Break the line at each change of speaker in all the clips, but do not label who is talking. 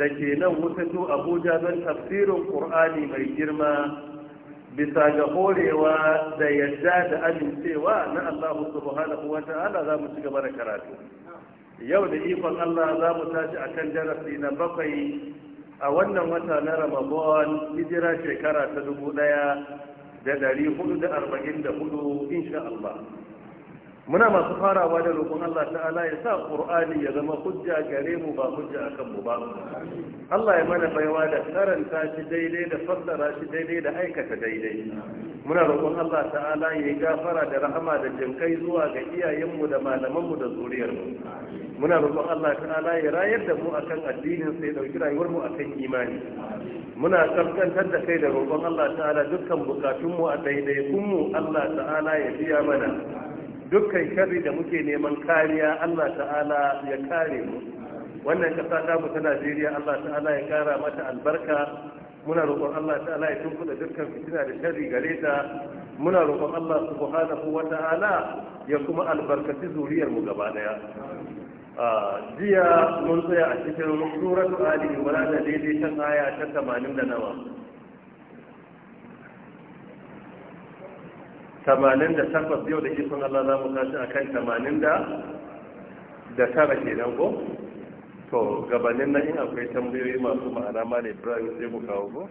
da ke nan wutatu abuja don tafsirin ƙur'ani mai girma bisa ga horewa da yadda da amincewa na allahu subhanahu wa ta'ala za mu ci gaba da karatu yau da ikon allah za mu tashi a kan darasi na bakwai a wannan wata na ramadan hijira shekara ta dubu ɗaya da dari hudu da arba'in da hudu insha allah muna masu farawa da roƙon Allah ta'ala ya sa ƙur'ani ya zama hujja gare mu ba hujja akan mu ba Allah ya mana baiwa da karanta shi daidai da fassara shi daidai da aikata daidai muna roƙon Allah ta'ala ya yi gafara da rahama da jinkai zuwa ga iyayenmu da malamanmu da zuriyarmu muna roƙon Allah ta'ala ya rayar da mu akan addinin sai dauki rayuwar mu akan imani muna kaskantar da kai da roƙon Allah ta'ala dukkan bukatunmu a daidai kunmu Allah ta'ala ya biya mana dukkan sharri da muke neman kariya Allah ta'ala ya kare mu wannan kasa ta mu ta Najeriya Allah ta'ala ya kara mata albarka muna roƙon Allah ta'ala ya tunkuda dukkan fitina da sharri gare ta muna roƙon Allah subhanahu wa ta'ala ya kuma albarkaci zuriyar mu gaba daya jiya mun tsaya a cikin suratu ali imran daidai aya ta 80 da nawa tamanin da takwas yau da ikon Allah za mu tashi a kan tamanin da da tara kenan ko to gabanin nan in akwai tambayoyi masu ma'ana ma ne ibrahim sai mu kawo ko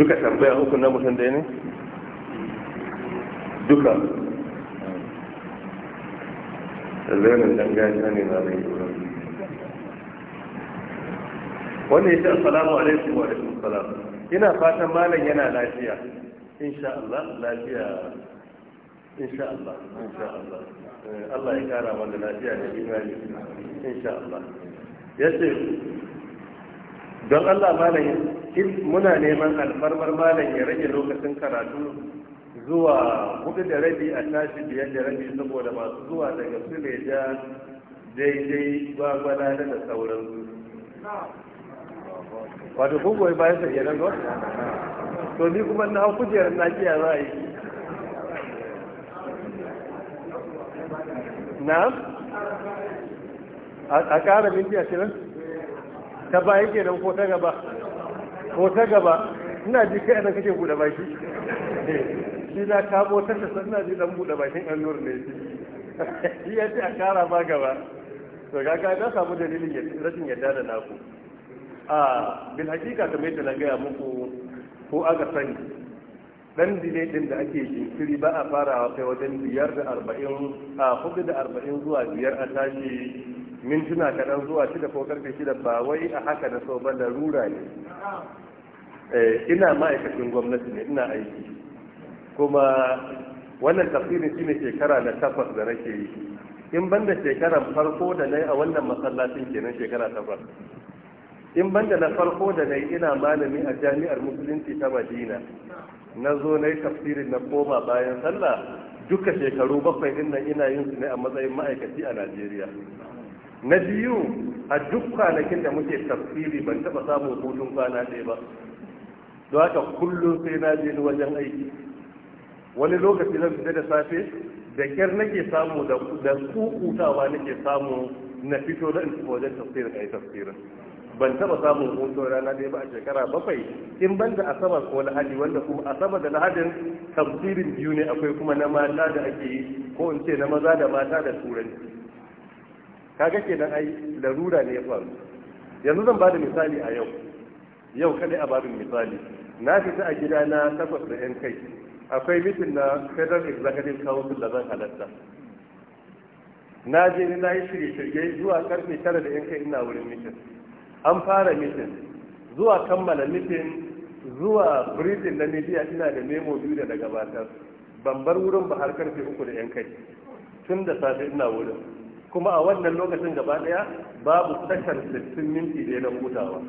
duka tambaya uku na mutum da ne duka zaunin dan gajiya ne ba mai yiwuwa wannan ya ce assalamu alaikum wa alaikum salam ina fatan malam yana lafiya insha Allah lafiya insha Allah insha Allah eh, Allah ya kara mana lafiya da imani insha Allah yace don Allah malam muna neman alfarmar malam ya rage lokacin karatu zuwa hudu da rabi a tashi biyar da rabi saboda masu zuwa daga suleja daidai gwagwada da su.
wato kun goyi bayan sa kenan ba to ni
kuma na hau kujerar na kiya za a yi
na a ƙara
minti ashirin ta bayan kenan ko ta gaba ko ta gaba ina ji kai da kake buɗe baki ni ka kamo tasha sannan ji dan buɗe bakin nur ne shi ya ce a kara ma gaba to kaga na samu dalilin rashin yadda da naku a bil hakika kamar mai na gaya muku ko aka sani dan dile din da ake jinkiri ba a farawa kai wajen biyar da arba'in a hudu da arba'in zuwa biyar a tashi mintuna kaɗan zuwa shida ko karfe shida ba wai a haka na so ba da rura ne eh, ina ma'aikacin gwamnati ne ina aiki kuma wannan tafsirin shine shekara na takwas da nake yi in banda shekaran farko da na yi a wannan masallacin kenan shekara takwas in banda na farko da na yi ina malami a jami'ar musulunci ta madina na zo na yi tafsirin na koma bayan sallah duka shekaru bakwai din nan ina yin su ne a matsayin ma'aikaci a najeriya na biyu a duk kwanakin da muke tafsiri ban taɓa samun hutun kwana ɗaya ba don haka kullum sai na je wajen aiki wani lokaci zan fita da safe da kyar nake samu da kukutawa nake samu na fito da wajen tafsirin a yi tafsirin ban taba samun hoto rana dai ba a shekara bakwai in ban da asabar ko lahadi wanda kuma asabar da lahadin tafsirin biyu ne akwai kuma na mata da ake yi ko in ce na maza da mata da turanci kaga kenan ai larura ne ya faru yanzu zan da misali a yau yau kadai a babin misali na fita a gida na takwas da yan kai akwai mitin na federal executive council da zan halatta na je ni na yi shirye-shirye zuwa karfe tara da yanka ina wurin mitin an fara mitin zuwa kammala mitin zuwa britain na media ina da memo biyu da daga batar ban wurin ba har karfe uku da yan tun da safe ina wurin kuma a wannan lokacin gaba daya babu tashar 60 minti da na hutawa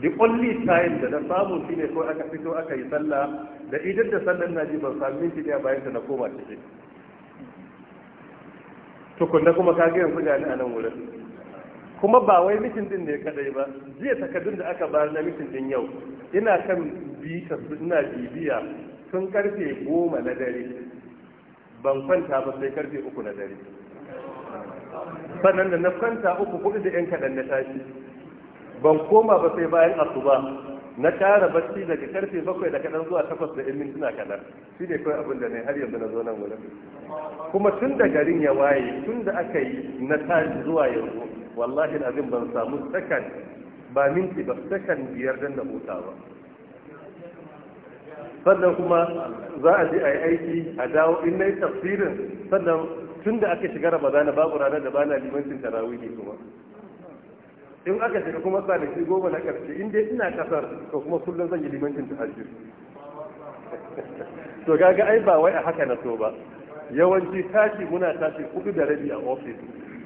the only time da na samu shi ne ko aka fito aka yi sallah da idan da sallan na ji ban sami minti daya bayan ta na koma ciki tukunna kuma ka ga yanzu gani a nan wurin kuma ba wai mitin din ne kadai ba jiya takardun da aka bayar na mitin din yau ina kan ta ina bibiya tun karfe goma na dare ban kwanta ba sai karfe uku na dare sannan da na kwanta uku kuɗi da yan kaɗan na tashi ban koma ba sai bayan asuba na tara bacci daga karfe bakwai da kadan zuwa takwas da 'yan suna kadan shi ne kawai abin da ne har yanzu na zo nan wurin
kuma tun da garin
ya waye tun da aka yi na tashi zuwa yanzu wallahi abin ban samu sakan ba minti ba sakan biyar dan da huta ba sannan kuma za a je a yi aiki a dawo in na yi tafsirin sannan tun da aka shiga ramadana babu ranar da bana limancin tarawihi kuma in aka shiga kuma shi goma na ƙarshe in dai ina ƙasar to kuma kullum zan yi limancin ta hajji to gaga ai ba wai a haka na so ba yawanci tashi muna tashi kudu da rabi a ofis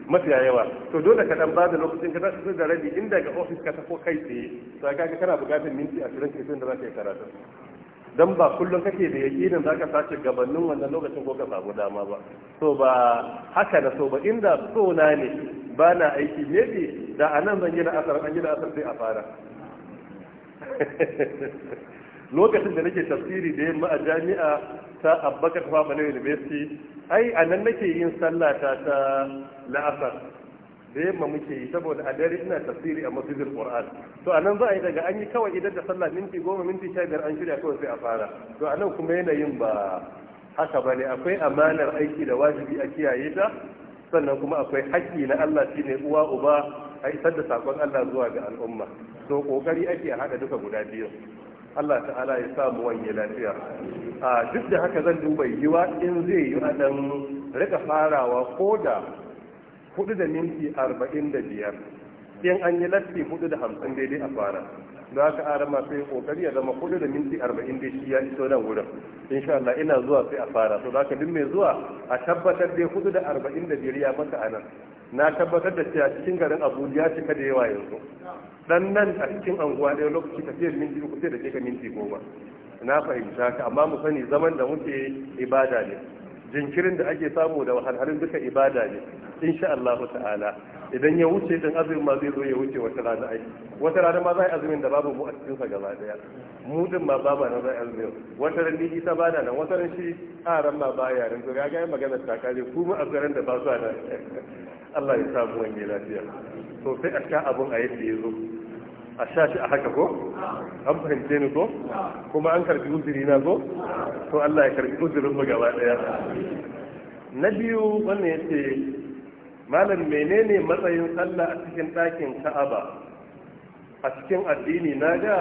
mafiya yawa to dole ka dan ba da lokacin ka tashi da rabi in daga ofis ka tafi kai tsaye to gaga kana buƙatar minti 20 kafin da zaka yi karatu dan ba kullum kake da yakinin zaka sace gabanin wannan lokacin ko ka samu dama ba so ba haka da so ba inda so na ne ba na aiki ne bi da a nan zan asar an gina asar sai a fara lokacin da nake tafsiri da yamma a jami'a ta abbakar fama na university ai a nan nake yin sallata ta la'asar da yamma muke yi saboda a dare ina tafsiri a masjidil qur'an to a nan za a yi daga an yi kawai idan da sallah minti goma minti sha biyar an shirya kawai sai a fara to a nan kuma yanayin ba haka ba ne akwai amanar aiki da wajibi a kiyaye ta sannan kuma akwai haƙƙi na Allah ne uwa uba a isar da saƙon Allah zuwa ga al'umma to kokari ake haɗa duka guda biyu Allah ta'ala ya samu wanye lafiya a duk da haka zan duba yiwa in zai yi a dan rika farawa ko da hudu da minti arba'in da biyar in an yi latti hudu da hamsin daidai a fara da aka ara masu yin kokari ya zama kudu da minti arba'in da shi ya iso nan wurin insha Allah ina zuwa sai a fara so zaka duk mai zuwa a tabbatar dai kudu da arba'in da biyar ya maka a nan na tabbatar da cewa cikin garin Abuja ya cika da yawa yanzu dan nan a cikin anguwa ɗaya lokaci ka fiye minti uku sai da ke minti goma na fahimta ka amma mu sani zaman da muke ibada ne jinkirin da ake samu da wahalhalun duka ibada ne insha Allah ta'ala idan ya wuce din azumin ma zai zo ya wuce wata rana ai wata rana ma za a azumin da babu mu a cikin sa gaba daya mu din ma ba ba na za a azumin wata ran ni ita ba na nan wata ran shi a ran ma ba ya ran to ga ga magana ta kare ku mu azumin da ba su nan Allah ya samu wani lafiya to sai a sha abun a yadda ya zo a sha shi a haka ko an fahimce ni ko kuma an karbi uzuri na ko to Allah ya karbi uzurin mu gaba daya na biyu wannan yace malam menene matsayin sallah a cikin ɗakin ka'aba a cikin addini na ga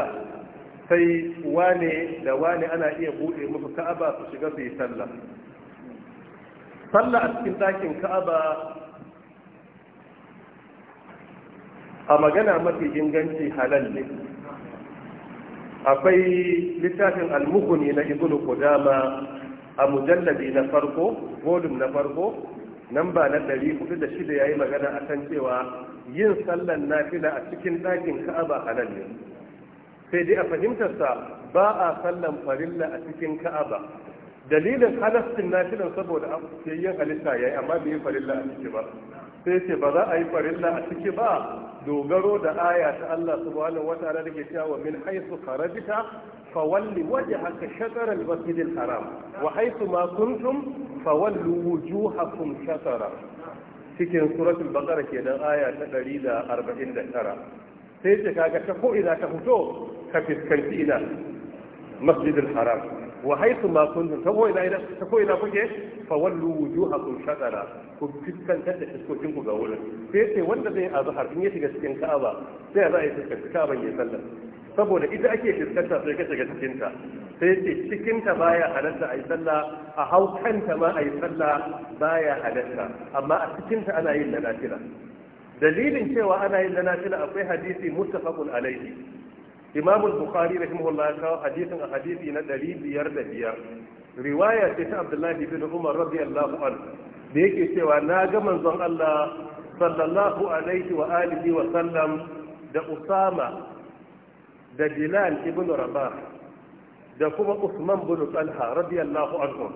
sai wane da wane ana iya buɗe musu ka'aba su shiga su yi sallah sallah a cikin ɗakin ka'aba a magana mafi inganci halal ne akwai littafin almuhuni na ibnu kudama a mujallabi na farko volume na farko nan ba na ɗari hudu da shida ya yi magana a kan cewa yin sallan nafila a cikin ɗakin ka'aba nan ne sai dai a fahimtarsa ba a sallan farilla a cikin ka'aba dalilin halastin nafilan saboda yin halitta ya yi amma bai yi farilla a ciki ba sai ce ba za a yi farilla a ciki ba dogaro da aya ta Allah subhanahu wa ta'ala ke cewa min haythu kharajta فول وجهك شطر المسجد الحرام وحيث ما كنتم فولوا وجوهكم شطرا cikin suratul baqara kenan aya ta 149 sai ce kaga ta ko ina ka fito ka fiskanci ina masjidil haram wa haythu ma kuntum ta ko ina ta ko ina kuke fa wallu wujuhakum shatara ku fiskanta da fiskokin ku ga wurin sai ce wanda zai azhar in ya shiga cikin ka'aba sai za a yi fiskanci ka'aban ya sallar saboda ita ake fuskanta sai ka shiga cikinta sai ce cikinta baya halatta a yi sallah a hau kanta ma a yi sallah baya halatta amma a cikinta ana yin na nafila dalilin cewa ana yin na nafila akwai hadisi muttafaqun alaihi imam al-bukhari rahimahullah ya kawo hadisin a hadisi na ɗari biyar da biyar. riwaya ce ta abdullahi bin umar radiyallahu anhu da yake cewa na ga manzon Allah sallallahu alaihi wa alihi wa sallam da usama da bilal ibn rabah da kuma usman bin talha radiyallahu anhu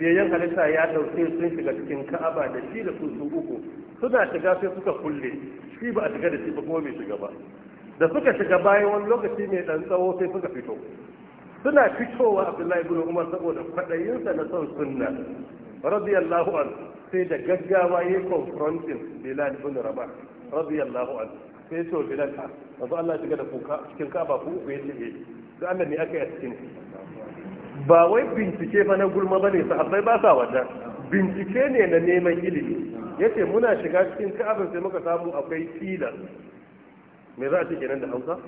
yan halitta ya dauke sun shiga cikin ka'aba da shi da su uku suna shiga sai suka kulle shi ba a shiga da shi ba kuma bai shiga ba da suka shiga bayan wani lokaci mai dan tsawo sai suka fito suna fitowa abdullahi ibn umar saboda kwaɗayinsa na son sunna radiyallahu anhu sai da gaggawa ya confronting bilal ibn rabah radiyallahu anhu sai ce wa bilanka masu Allah shiga da kuka cikin kaba ku uku yace eh da Allah ne aka yi a cikin ba wai bincike fa na gulma bane sahabbai ba sa wajen. bincike ne na neman ilimi yace muna shiga cikin ka'abin sai muka samu akwai fila me za a ce kenan da Hausa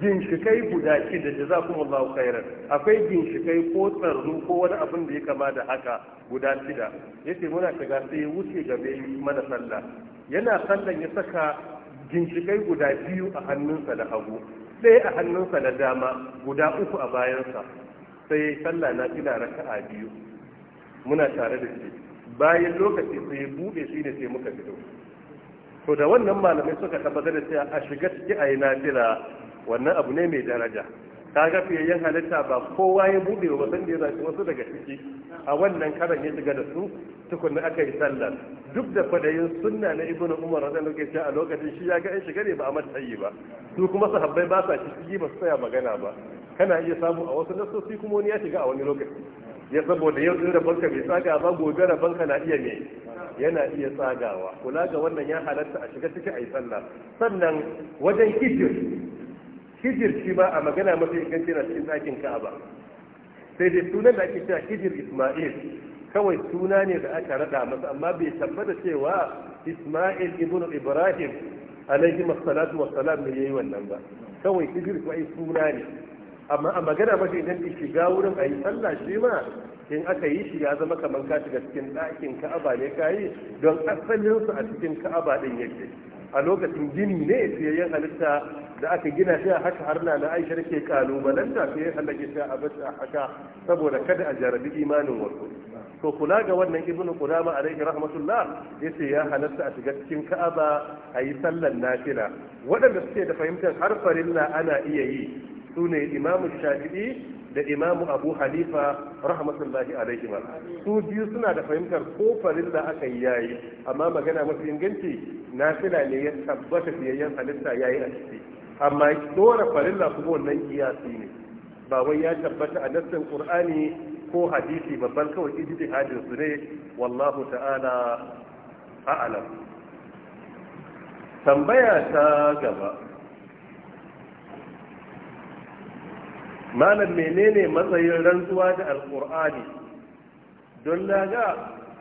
ginshikai guda shi da za kuma Allah khairan akwai ginshikai ko tsarnu ko wani abin da ya kama da haka guda shida yace muna shiga sai wuce gabe mana sallah yana sallan ya saka ginshikai guda biyu a hannunsa da hagu ɗaya a hannunsa da dama guda uku a bayansa sai sallah na raka raka'a biyu muna tare da shi bayan lokaci sai buɗe shi ne sai muka fito to da wannan malamai suka tabbatar da cewa a shiga ciki a yi nafila wannan abu ne mai daraja ga fiyayyen halitta ba kowa ya buɗe ba san da ya zaci wasu daga ciki a wannan karan ya shiga da su tukunna aka yi sallar duk da kwadayin sunna na ibnu umar radiyallahu anhu a lokacin shi ya ga in shiga ne ba a matsayi ba su kuma sahabbai ba sa ciki ba su tsaya magana ba kana iya samu a wasu nasosi kuma wani ya shiga a wani lokaci ya saboda yau din banka bai tsaga ba gobe banka na iya ne yana iya tsagawa kula ga wannan ya halatta a shiga ciki a yi sallah sannan wajen hijir hijir shi ba a magana mafi inganci na cikin ɗakin ka'aba sai dai sunan da ake cewa hijir isma'il kawai suna ne da aka rada masa amma bai tabbata cewa isma'il ibn ibrahim alaihi masalatu wassalam ne yayi wannan ba kawai hijir ko ai suna ne amma a magana mafi inganci shiga wurin ayi sallah shi ma in aka yi shi ya zama kamar ka shiga cikin ɗakin ka'aba ne ka yi don asalinsu a cikin ka'aba ɗin yake a lokacin gini ne siyayyen halitta da aka gina shi a haka har na aisha ke kalubalanta sai yin halage shi a bata a haka saboda kada a jarabi imanin wasu to kula ga wannan ibnu qudama alaihi rahmatullah yace ya halatta a shiga cikin ka'aba a yi sallan nafila waɗanda suke da fahimtar har farilla ana iya yi sune imamu shafi'i da imamu abu halifa rahmatullahi alaihi ma su biyu suna da fahimtar ko da aka yi yayi amma magana mafi inganci na fila ne ya tabbata fiyayyen halitta yayi a ciki amma dora farilla kuma wannan kiyasi ne ba wai ya tabbata a nassin qur'ani ko hadisi babban kawai ijtihadin su ne wallahu ta'ala a'lam tambaya ta gaba malam menene matsayin rantsuwa da alkur'ani don na ga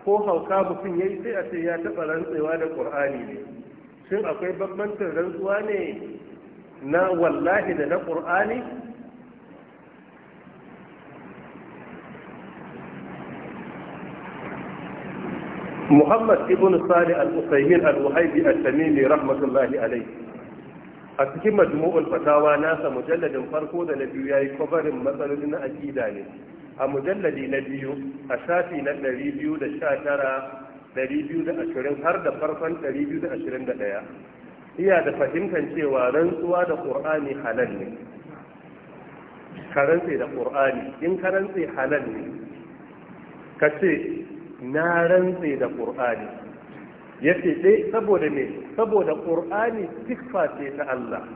ko hauka mutum ya yi sai a ce ya taɓa rantsewa da ƙur'ani ne shin akwai bambancin rantsuwa ne na wallahi da na ƙur'ani muhammad Ibnu sali al-usaimin al-wahaibi al-tamimi rahmatullahi alaihi a cikin majmu'ul fatawa nasa mujalladin farko da na biyu yayi kwabarin matsaloli na aqida ne a mujalladi na biyu a shafi na 219 220 har da farkon 221 iya da fahimtar cewa rantsuwa da qur'ani halal ne karantsi da qur'ani in karantsi halal ne kace na rantsi da qur'ani Ya dai eh, saboda me saboda qur'ani siffa ce ta Allah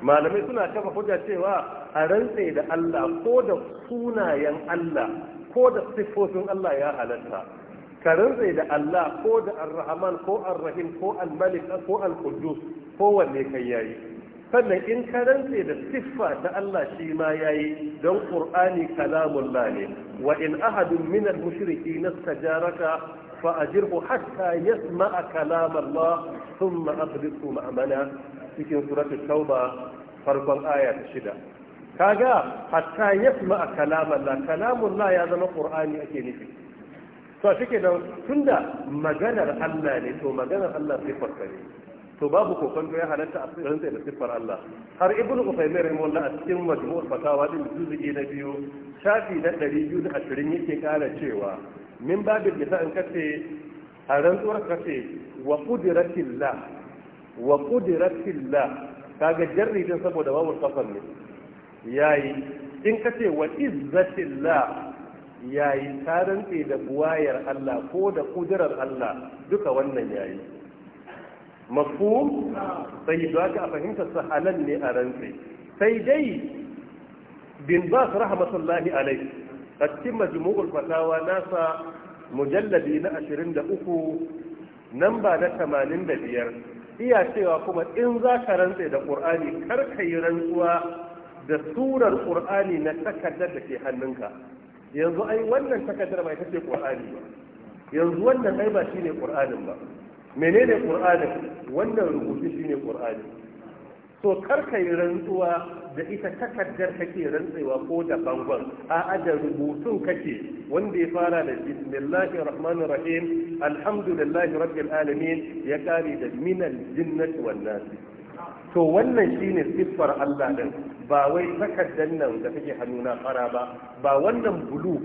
malamai suna kafa hujja cewa a rantse da Allah ko da sunayen Allah ko da siffofin Allah ya halatta ka rantse da Allah ko da Ar-Rahman ko Ar-Rahim ko Al-Malik ko Al-Quddus ko wanne kai yayi sannan in ka rantse da siffa ta Allah shi ma yayi don ƙur'ani kalamullah ne wa in ahadun min al-mushrikeena istajaraka فأجره حتى يسمع كلام الله ثم أقبضه مأمنا cikin suratul tauba farkon aya ta shida kaga hatta yasma kalamullah kalamullah ya zama qur'ani ake nufi to shike dan tunda maganar Allah ne to maganar Allah sifar ne to babu kokon ya halatta a rantsa da sifar Allah har ibn usaymin rahimahullah a cikin majmu'ul fatawa din juz'i na biyu shafi na 220 yake kara cewa min babin da in kace a rantsuwar kace wa qudratillah wa qudratillah kaga jarri saboda wawul qasam ne yayi in kace wa izzatillah yayi ka rantse da buwayar Allah ko da kudurar Allah duka wannan yayi mafhum sai da ka fahimta sahalan ne a rantse sai dai bin bas rahmatullahi alaihi a cikin majmu'ul fatawa nasa mujallabi na 23 namba na 85 iya cewa kuma in za ka rantse da ƙur'ani kar ka yi rantsuwa da surar ƙur'ani na takardar da ke hannunka yanzu ai wannan takardar bai ita ce ƙur'ani ba yanzu wannan ai ba shine ƙur'anin ba menene ƙur'anin wannan rubutu shine ƙur'ani to karka yi rantsuwa da ita takardar kake rantsewa ko da bangon a da rubutun kake wanda ya fara da bismillahi rahmanir rahim alhamdulillahi rabbil alamin ya kare da minal jinnati wan to wannan shine siffar Allah din ba wai takardar nan da take hannuna fara ba ba wannan bulu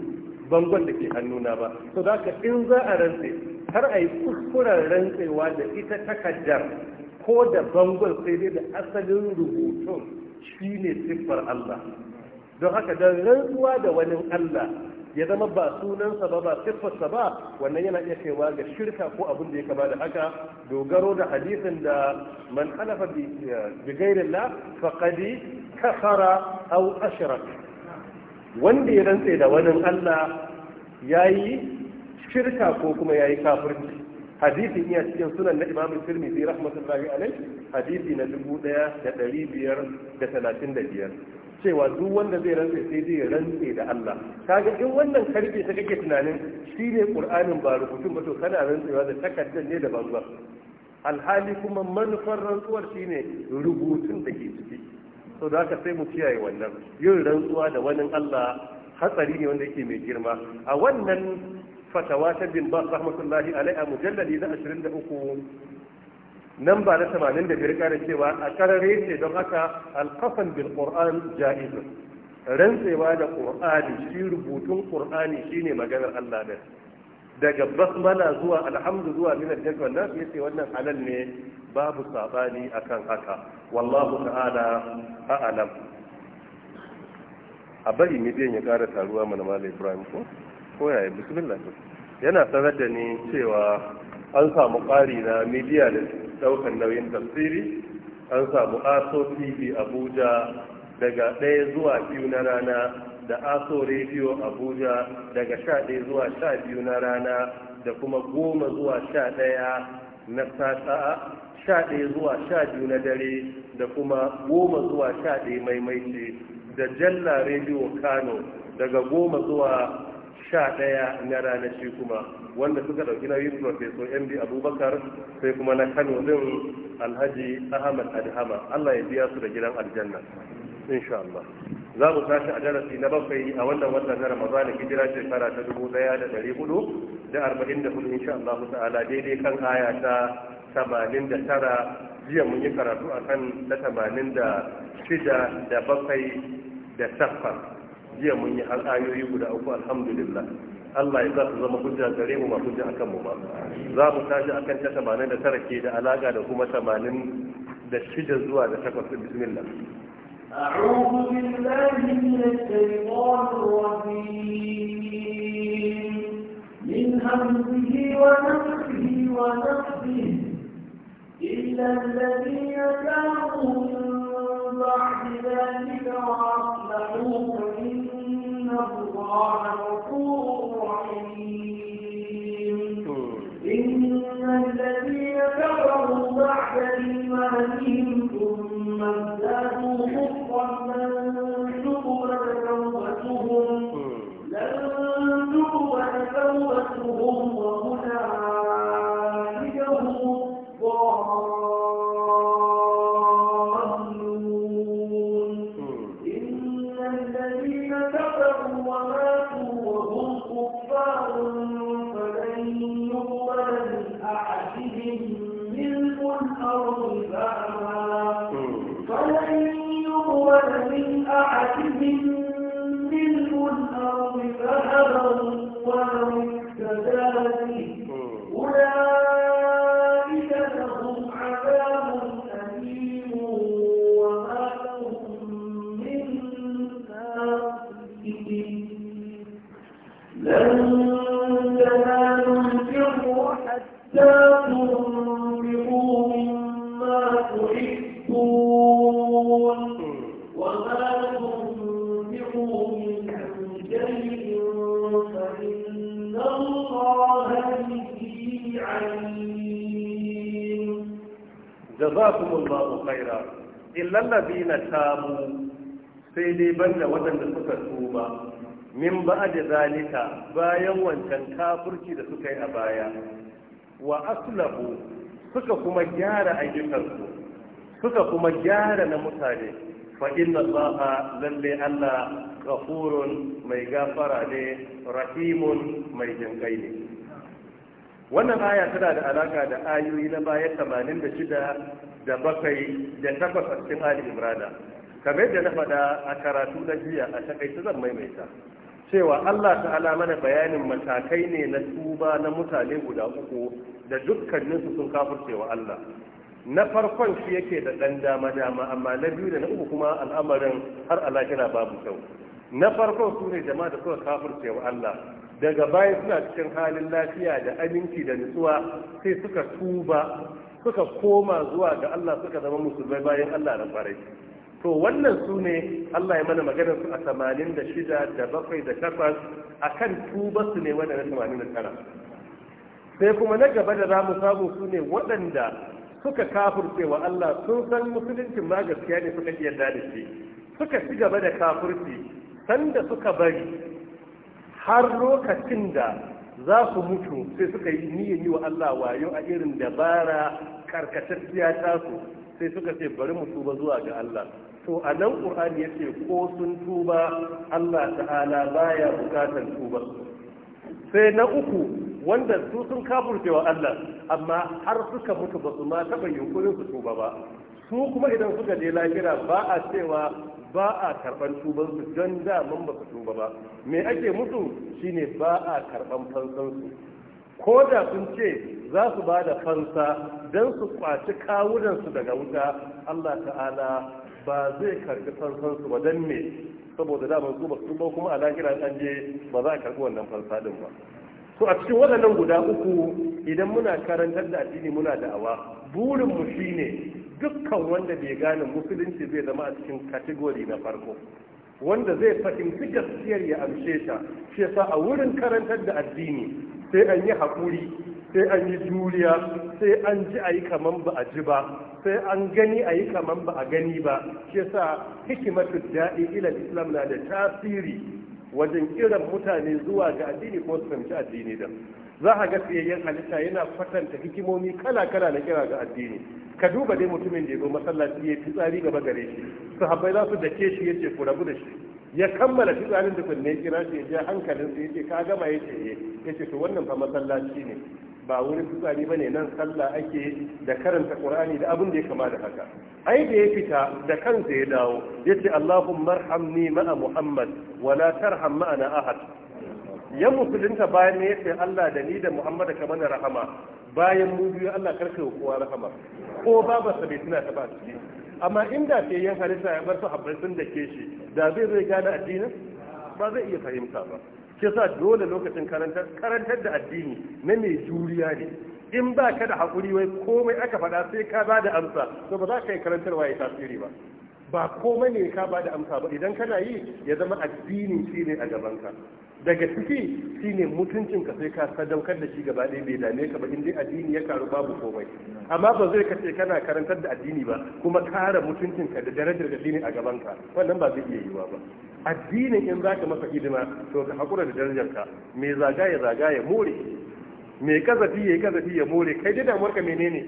bangon da ke hannuna ba to da in za a rantse har a yi kuskuren rantsewa da ita takardar ko da bangon sai dai da asalin rubutun shi ne siffar Allah don haka don rantsuwa da wani Allah ya zama ba sunansa ba ba siffarsa ba wannan yana iya kaiwa ga shirka ko abin da ya kama da haka dogaro da hadisin da man halafa bi ghairillah faqadi kafara aw ashrak wanda ya rantse da wani Allah yayi shirka ko kuma yayi kafirci hadisi iya cikin sunan na imam tirmidhi rahmatullahi alaihi hadisi na talatin 1535 cewa duk wanda zai rantse sai zai rantse da Allah kaga in wannan karfe ta kake tunanin shine qur'anin ba rubutun ba to kana rantsewa da takaddar ne da banza alhali kuma manufar rantsuwar shine rubutun da ke ciki sau da haka sai mu kiyaye wannan yin rantsuwa da wani Allah hatsari ne wanda yake mai girma a wannan fatawa ta bin ba rahmatullahi alaiha mujallali na 23 nan ba na 85 kare cewa a karare don haka alkafan bil qur'an rantsewa da ƙur'ani shi rubutun qur'ani shine maganar Allah da daga basmala zuwa alhamdu zuwa min aljanna wannan sai ce wannan halal ne babu sabani akan haka wallahu ta'ala a'lam a bari ne ya kara taruwa mana malam Ibrahim ko koyaye bismillah yana sanar da ni cewa an samu ƙari na miliya da ɗaukar nauyin tafsiri an samu aso tv abuja daga ɗaya zuwa biyu na rana da aso radio abuja daga sha ɗaya zuwa sha biyu na rana da kuma goma zuwa sha ɗaya na sata sha ɗaya zuwa sha biyu na dare da kuma goma zuwa sha ɗaya maimaici da jalla radio kano daga goma zuwa sha ɗaya na ranar shi kuma wanda suka ɗauki nauyin profeso md abubakar sai kuma na kano din alhaji ahmad adhama allah ya biya su da gidan aljanna insha allah za mu tashi a darasi na bakwai a wannan wata na ramadana hijira shekara ta dubu ɗaya da ɗari hudu da arba'in da hudu insha allah ta'ala daidai kan aya ta tamanin da tara jiya mun yi karatu akan ta tamanin da shida da bakwai da safar jiya mun yi har ayoyi guda uku alhamdulillah Allah ya za su zama hujja gare mu ba hujja akan mu ba za mu tashi akan ta tara ke da alaka da kuma 80 da shida zuwa da takwas bismillah
أعوذ بالله من الشيطان الرجيم من همزه ونفسه ونفسه إلا الذين من بعد ذلك وأصلحوا فإن الذين كفروا بعد إيمانهم ثم ازدادوا
samu sai dai banda waɗanda suka tuba min ba da zalika bayan wancan kafurci da suka yi a baya wa aslahu suka kuma gyara ayyukansu suka kuma gyara na mutane fa inna allaha lalle allah ghafurun mai gafara ne rahimun mai jinkai ne wannan aya tana da alaka da ayoyi na baya 86 da bakwai da takwas a cikin ali imrana kamar yadda na faɗa a karatu na jiya a takaice zan maimaita cewa Allah ta'ala mana bayanin matakai ne na tuba na mutane guda uku da dukkaninsu sun kafurcewa Allah na farkon shi yake da ɗan dama dama amma na biyu da na uku kuma al'amarin har yana babu kyau na farkon su ne jama'a da suka kafurcewa Allah daga baya suna cikin halin lafiya da aminci da nutsuwa sai suka tuba suka koma zuwa ga Allah suka zama musulmai bayan Allah da farai to wannan su ne Allah ya mana magana su a tamanin da shida da a kan tuba su ne wadanda tamanin sai kuma na gaba da za mu samu su ne waɗanda suka kafurce wa Allah sun san musuluncin ma gaskiya ne suka iya da shi suka ci gaba da kafurci sanda suka bari har lokacin da za su mutu sai suka yi niyyar yi wa Allah wayo a irin dabara karkatacciya ta su sai suka ce bari mu tuba zuwa ga Allah to a nan Qur'ani yake ko sun tuba Allah ta'ala baya bukatar tuba sai na uku wanda su sun kafurce wa Allah amma har suka mutu ba su ma taɓa yunkurin su tuba ba su kuma idan suka je lahira ba a cewa ba a karban tubansu don daman ba su tuba ba me ake musu shine ba a karban fansansu ko da sun ce za su ba da fansa don su kwaci kawunansu daga wuta Allah ta'ala ba zai karbi fansansu ba don me saboda daman su ba su ba kuma a lahira an je ba za a karbi wannan fansa din ba to a cikin waɗannan guda uku idan muna karantar da addini muna da'awa burinmu shine dukkan wanda bai gane musulunci zai zama a cikin kategori na farko wanda zai fahimci gaskiyar ya amshe ta shi yasa a wurin karantar da addini sai an yi haƙuri sai an yi juriya sai an ji a yi kaman ba a ji ba sai an gani a yi kaman ba a gani ba shi yasa hikimatu da'i ila islam na da tasiri wajen irin mutane zuwa ga addini ko su fahimci addini da za a ga tsayayyen halitta yana kwatanta hikimomi kala-kala na kira ga addini ka duba dai mutumin da ya zo masallaci ya fitsari gaba gare shi sahabbai za su ke shi ya ku rabu da shi ya kammala fitsarin da kunne kira shi ya je hankalin su ya ce ka gama ya ce eh. ya ce to wannan fa masallaci ne ba wurin fitsari ba ne nan sallah ake da karanta qur'ani da abin da ya kama da haka ai da ya fita da kansa ya dawo ya ce allahumma arhamni ma'a muhammad wa la tarham ma'ana ahad ya musulunta bayan ne yace Allah da ni da Muhammad ka mana rahama bayan mu biyu Allah karka yi kowa rahama ko babarsa bai suna ta ba ciki amma inda ke yan halitta ya bar su habbai sun da ke shi da zai zai gane addinin ba zai iya fahimta ba ke sa dole lokacin karantar da addini na mai juriya ne in ba ka da haƙuri wai komai aka faɗa sai ka ba da amsa to ba za ka yi karantarwa ya tasiri ba ba komai ne ka ba da amsa ba idan kana yi ya zama addinin shi ne a ka. daga ciki shi ne mutuncin ka sai ka sadaukar da shi gaba ɗaya bai dame ka ba in dai addini ya karu babu komai amma ba zai kace kana karantar da addini ba kuma kara mutuncin ka da darajar da shine a gaban ka wannan ba zai iya yiwa ba addinin in zaka masa hidima to ka hakura da darajar ka me zagaya zagaya more me kazafi ya kazafi ya more kai da damuwar ka menene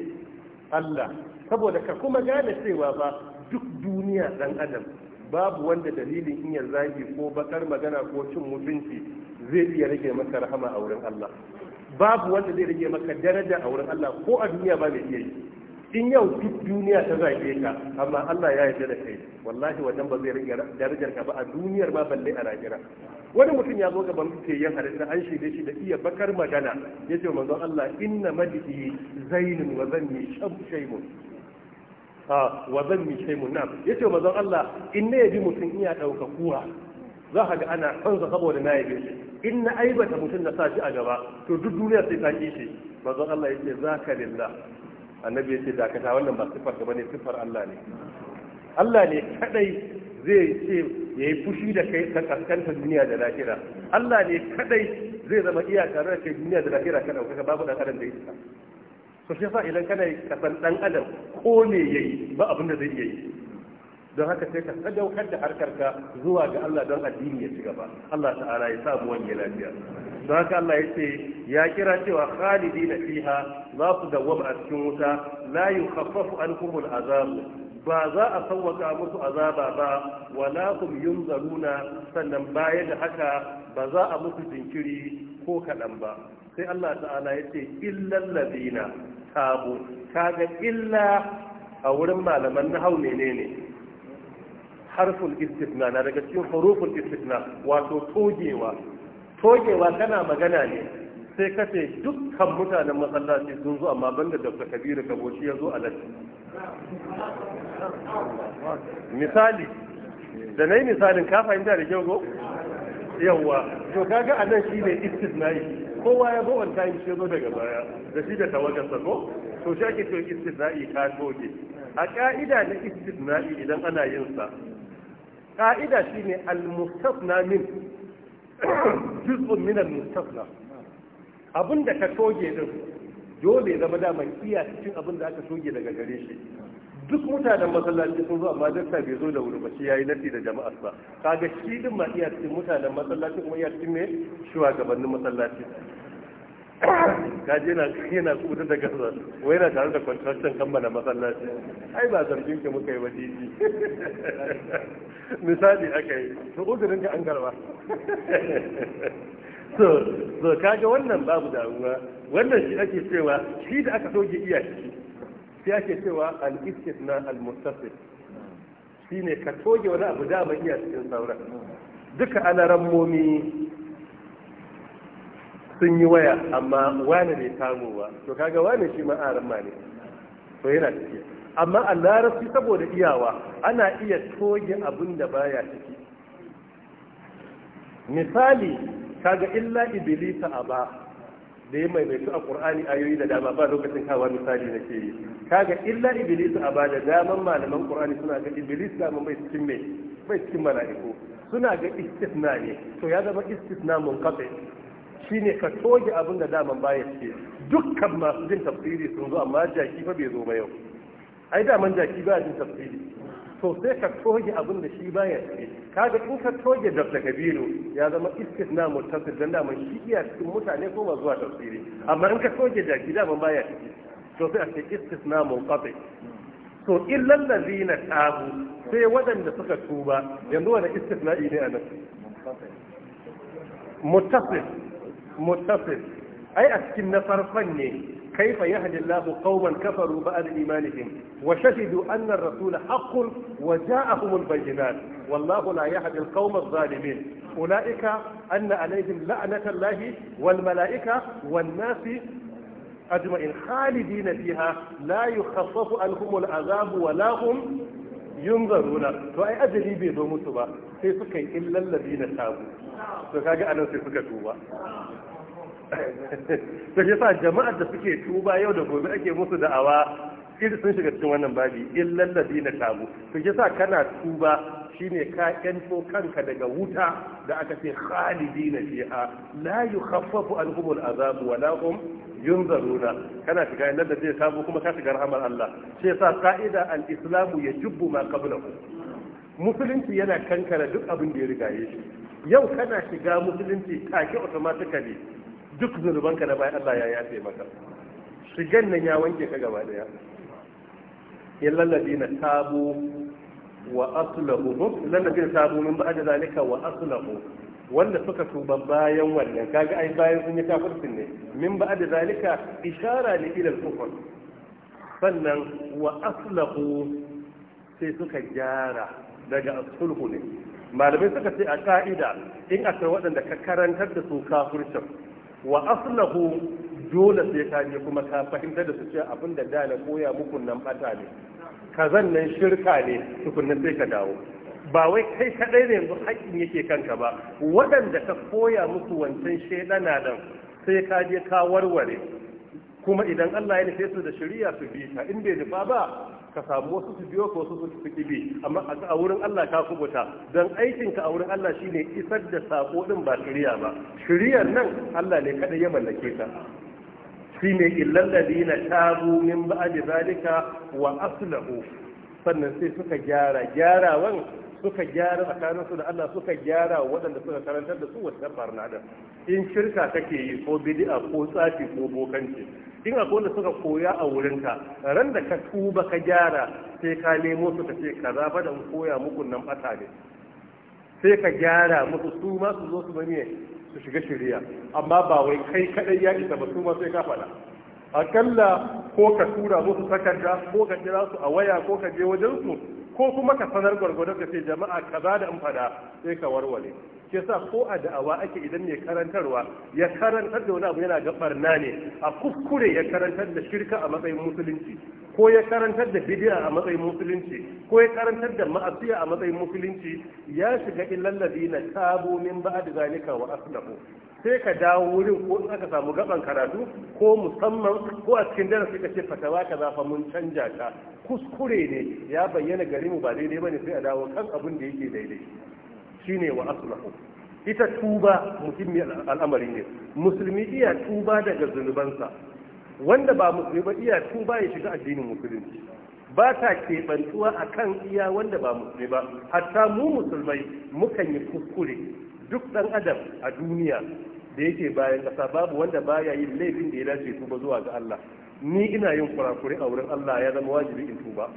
Allah saboda ka kuma gane cewa ba duk duniya dan adam babu wanda dalilin in zagi ko bakar magana ko cin mutunci zai iya rage maka rahama a wurin Allah babu wanda zai rage maka daraja a wurin Allah ko a duniya ba mai iya yi in yau duk duniya ta zage ka amma Allah ya yarda da kai wallahi wannan ba zai rage darajar ka ba a duniyar ba balle a rajira wani mutum ya zo gaban yan halitta an shirye shi da iya bakar magana ya ce manzon Allah inna madihi zainun wa zanni shamshaymun wa zan mi shai mun nan yace manzon Allah in na yabi mutum iya dauka kuwa za ka ga ana kansa saboda na yabe shi in na aibata mutum na sa shi a gaba to duk duniya sai ta ki manzon Allah yace zaka lillah annabi yace dakata wannan ba sifar ka bane sifar Allah ne Allah ne kadai zai ce ya yi fushi da kai ka kaskanta duniya da lahira Allah ne kadai zai zama iya tare da kai duniya da lahira ka dauka babu da karanta da ita. to shi yasa idan kana kasan dan adam ko me yayi ba abin da zai yi don haka sai ka sadaukar da ka zuwa ga Allah don addini ya ci gaba Allah ta'ala ya sa mu wani lafiya don haka Allah ya ce ya kira cewa khalidina fiha za su dawwama a cikin wuta la yukhaffafu anhumul azab ba za a sauwaka musu azaba ba wala hum yunzaruna sannan baya da haka ba za a musu jinkiri ko kaɗan ba sai Allah ta'ala ya ce illal ladina sabo kaga illa a wurin malaman nahau menene harful istisna na daga cikin huruful istisna wato togewa togewa kana magana ne sai ka ce dukkan mutanen masallaci sun zo amma banda dr kabiru kaboshi ya zo a lati misali da na yi misalin ka fahimta da kyau go yawwa to kaga anan shine istisna yi kowa ya zo wanta yi shi daga baya da shi da tawagarsa ko to shi ake cewa istisna'i ka toge a ka'ida na istisna'i idan ana yin sa ka'ida shine al mustafna min juz'un min al mustafna abinda ka toge din dole zama da man iya cikin abin da aka toge daga gare shi duk mutanen masallaci sun zo amma dakta bai zo da wuri ba shi yayi nafi da jama'ar ba kaga shi din ma iya cikin mutanen masallaci kuma iya cikin ne shugabannin masallaci kaje na yana kudu da gasa wai yana tare da construction kammala masallaci ai ba zargin ki muka yi ba didi misali aka yi to uzurin ka an garba so so kaga wannan babu damuwa wannan shi ake cewa shi da aka soke iyaki sai ake cewa al na al-muttasil shine ka toge wani abu da iya cikin sauran duka momi sun yi waya amma wani ne samu ba to kaga wani shi ma ne to yana ciki amma a larabci saboda iyawa ana iya toge abin da baya ciki misali kaga illa iblisa aba da ya maimaitu a ƙur'ani ayoyi da dama ba lokacin kawo misali na ke yi kaga illa iblis a ba da daman malaman ƙur'ani suna ga iblis da mai cikin mai mai cikin mala'iku suna ga istisna ne to ya zama istisna Shi shine ka toge abin da daman baya ce dukkan masu jin tafsiri sun zo amma jaki fa bai zo ba yau ai daman jaki ba jin tafsiri to sai ka toge abin da shi baya ce kaga in ka toge dr kabiru ya zama na mutasir dan da shi iya cikin mutane ko ma zuwa tafsiri amma in ka toge da gida ban baya ciki to sai a ce na mutasir to illal ladina tabu sai waɗanda suka tuba yanzu wani na ne anan mutasir mutasir ai a cikin na farkon ne كيف يهدي الله قوما كفروا بعد إيمانهم وشهدوا أن الرسول حق وجاءهم البينات والله لا يهدي القوم الظالمين أولئك أن عليهم لعنة الله والملائكة والناس أجمعين خالدين فيها لا يخفف عنهم العذاب ولا هم yunzaruna to ai ajali bai zo musu ba sai suka yi illal ladina tabu to kaga anan sai suka tuba ya yasa jama'ar da suke tuba yau da gobe ake musu da'awa iri sun shiga cikin wannan babi illal ladina tabu to yasa kana tuba shine ka kanto kanka daga wuta da aka ce khalidina fiha la yukhaffafu anhum al'azab wa la hum yunzaruna kana shiga illal ladina tabu kuma ka shiga rahmar Allah shi yasa qa'ida al-islamu yajubbu ma qablahu musulunci yana kankara duk abin da ya rigaye shi yau kana shiga musulunci take automatically duk zunubanka na bayan Allah ya yafe maka shigan nan ya wanke ka gaba daya illal ladina tabu wa aslahu illal ladina tabu min da zalika wa aslahu wanda suka tuba bayan wannan kaga ai bayan sun yi kafirsin ne min ba'da zalika ishara ne ila al-kufr sannan wa aslahu sai suka gyara daga sulhu ne malamai suka ce a ka'ida in akwai waɗanda ka karantar da su kafircin wa aslahu dole sai ka je kuma ka fahimtar da su ce abin da da na koya muku nan bata ne kazan nan shirka ne tukunna sai ka dawo ba wai kai kadai ne yanzu haƙƙin yake kanka ba waɗanda ka koya musu wancan shaidana nan sai ka je ka warware kuma idan Allah ya nufe su da shari'a su bi ta in bai nufa ba ka samu wasu su biyo ko su su kibi amma a wurin Allah ka kubuta dan aikin ka a wurin Allah shine isar da sako din ba shiriya ba shiriyar nan Allah ne kada ya mallake ta shine illal ladina tabu min ba'di zalika wa aslahu sannan sai suka gyara gyarawan suka gyara tsakaninsu da Allah suka gyara waɗanda suka karantar da su wata barna da in shirka kake yi ko bid'a ko tsafi ko bokanci in akwai wanda suka koya a wurinka ran da ka tuba ka gyara sai ka nemo su ka ce kaza fa da koya muku nan fata ne sai ka gyara musu su ma su zo su bane su shiga shirya amma ba wai kai kadai ya isa ba su ma sai ka faɗa akalla ko ka tura musu takarda ko ka kira su a waya ko ka je wajen su ko kuma ka sanar gwargwadon ka ce jama'a kaza da in fada sai ka warware ke sa ko a da'awa ake idan mai karantarwa ya karantar da wani abu yana ga barna ne a kuskure ya karantar da shirka a matsayin musulunci ko ya karantar da bidiya a matsayin musulunci ko ya karantar da ma'asiya a matsayin musulunci ya shiga illal ladina tabu min ba'd zalika wa aslahu sai ka dawo wurin ko in aka samu gaban karatu ko musamman ko a cikin darasi ka ce fatawa ka zafa mun canja ta kuskure ne ya bayyana gari mu ba daidai ne sai a dawo kan abin da yake daidai shine wa aslahu ita tuba muhimmi al'amari ne musulmi iya tuba daga zunubansa wanda ba musulmi ba iya tuba ya shiga addinin musulunci ba ta keɓantuwa a kan iya wanda ba musulmi ba hatta mu musulmai mukan yi kuskure duk ɗan adam a duniya da yake bayan ƙasa babu wanda baya yin laifin da ya dace tuba zuwa ga Allah ni ina yin kurakuri a wurin Allah ya zama wajibi in tuba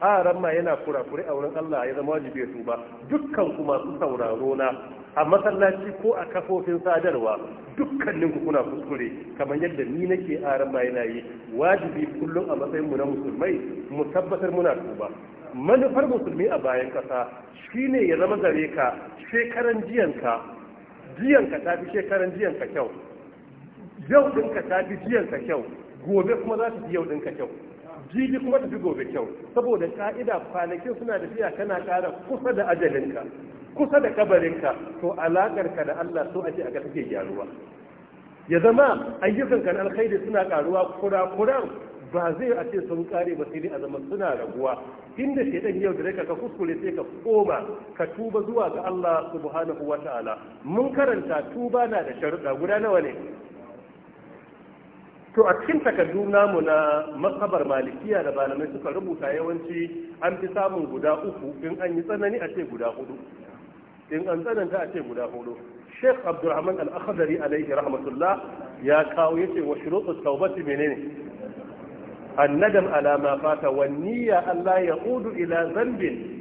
a ma yana kurakure a wurin Allah ya zama wajibi ya tuba dukkan ku masu sauraro na a masallaci ko a kafofin sadarwa dukkanin ku kuna kuskure kamar yadda ni nake a ma yana yi wajibi kullum a matsayin mu na musulmai mu tabbatar muna tuba manufar musulmi a bayan kasa shine ya zama gare ka shekaran jiyanka jiyanka ta fi shekaran jiyanka kyau yau ɗinka ta fi jiyanka kyau gobe kuma za ta fi yau ɗinka kyau jibi kuma tafi gobe kyau saboda ka'ida kwanakin suna tafiya kana kara kusa da ajalinka kusa da kabarinka to ka da Allah so ake aka take gyaruwa ya zama ayyukan kan alkhairi suna karuwa kura-kuran ba zai a ce sun kare ba sai dai a zama suna raguwa inda dan yau da ka kuskure sai ka koma ka tuba zuwa ga Allah subhanahu wataala ta'ala mun karanta tuba na da sharuɗa guda nawa ne to a cikin takardu namu na masabar malikiya da malamai suka rubuta yawanci an fi samun guda uku in an yi tsanani a ce guda hudu in an tsananta a ce guda hudu sheikh abdulrahman al-akhdari alaihi rahmatullah ya kawo yace wa shurutu tawbati menene annadam alama fata wa niyya Allah yaudu ila dhanbin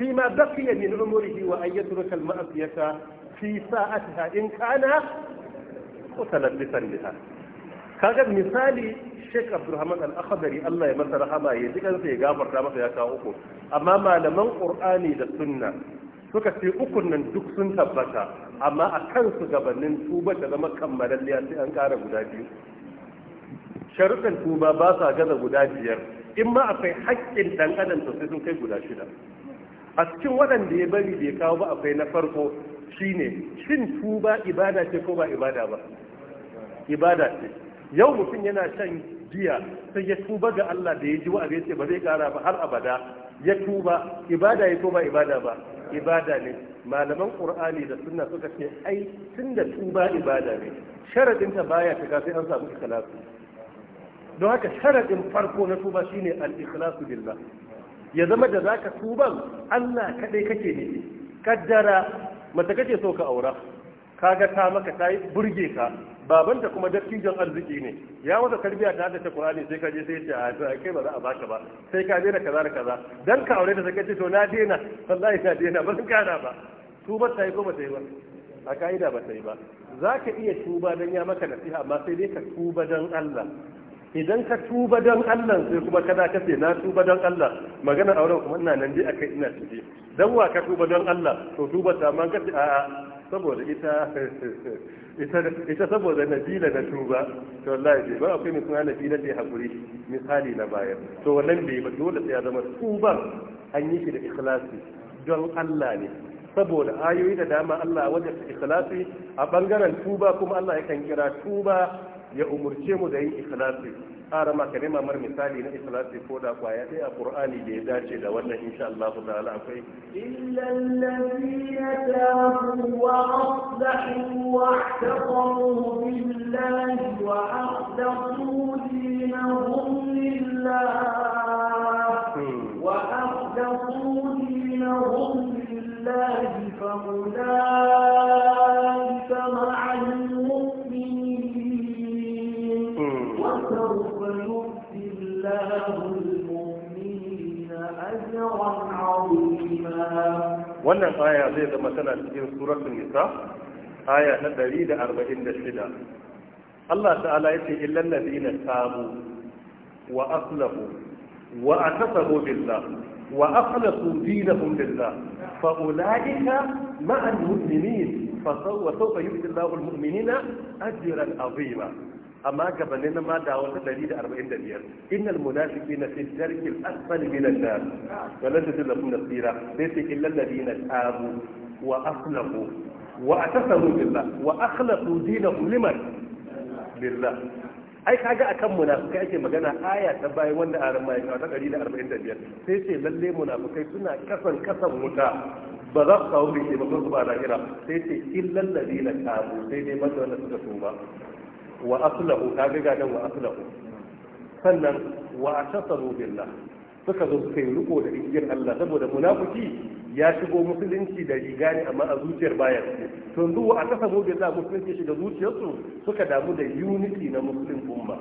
فيما بقي من عمره وأن يترك المعصية في haɗin kana كان متلبسا بها kaga misali Sheikh Abdulrahman Al-Akhdari Allah ya masa rahama ya ji kansa ya gafarta masa ya kawo uku amma malaman Qur'ani da Sunna suka ce ukun nan duk sun tabbata amma a kansu gabanin tuba da zama kammalalliya sai an kara guda biyu sharuɗan tuba ba sa gaza guda biyar in ma akwai haƙƙin dan adam to sai sun kai guda shida a cikin waɗanda ya bari bai kawo ba akwai na farko shine shin tuba ibada ce ko ba ibada ba ibada ce yau mutum yana shan giya sai ya tuba ga Allah da ya ji wa'azi ya ce ba zai kara ba har abada ya tuba ibada ya tuba ibada ba ibada ne malaman qur'ani da sunna suka ce ai tunda tuba ibada ne sharadin ta baya ta sai an samu ikhlasu don haka sharadin farko na tuba shine al-ikhlasu billah ya zama da zaka tuban Allah kadai kake ne kaddara mata kake so ka aura kaga ta maka ta yi burge ka babanta kuma dattijon arziki ne ya masa tarbiya ta haddace Qur'ani sai ka je sai ce a a kai ba za a baka ba sai ka daina kaza da kaza dan ka aure ta sai ka ce to na daina wallahi ta daina ba zan kana ba tuba ta yi ko ba ta yi ba a ka'ida ba ta yi ba za ka iya tuba dan ya maka nasiha amma sai dai ka tuba dan Allah idan ka tuba dan Allah sai kuma kada ka ce na tuba dan Allah magana auren kuma ina nan dai akai ina tuba dan wa ka tuba dan Allah to tuba ta man ka a'a saboda ita ita saboda nabila na tuba to wallahi ba akwai mutum nabila da hakuri misali na bayar to wannan bai ba dole sai ya zama tuba an yi shi da ikhlasi don Allah ne saboda ayoyi da dama Allah wajen ikhlasi a bangaren tuba kuma Allah yakan kira tuba ya umurce mu da yin ikhlasi ara maka ne mamar misali na ikhlasi ko da kwaya ɗaya a qur'ani da ya dace da wannan insha Allah ta'ala akwai
illa allazina tabu wa aslahu wa ihtaqamu billahi wa akhlasu dinahum lillah hmm. wa akhlasu dinahum lillah fa
wannan aya zai zama tana cikin suratul nisa aya na 146 Allah ta'ala yace illal ladina tabu wa aslahu wa atasahu billah wa akhlasu dinahum lillah fa ulaika ma'al mu'minin fa sawfa yu'ti Allahu al-mu'minina ajran 'azima amma gabanin ma da wata 145 innal munafiqina fi dharkil asfali minan nar walan tajid lahum nasira sai sai illal ladina tabu wa aslahu wa atasamu billah wa akhlasu dinahum liman lillah ai kaga akan munafikai ake magana aya ta bayan wanda aran mai ta 145 sai sai lalle munafikai suna kasan kasan wuta ba za su kawo da ke ba su ba lahira sai sai illal ladina tabu sai dai mata wanda suka tuba wa aslahu ta ga gadan wa aslahu sannan wa atasalu billah suka zo suka yi riko da igiyar Allah saboda munafiki ya shigo musulunci da riga ne amma a zuciyar bayan to yanzu wa atasalu billah musulunci shiga zuciyarsu suka damu da unity na muslim umma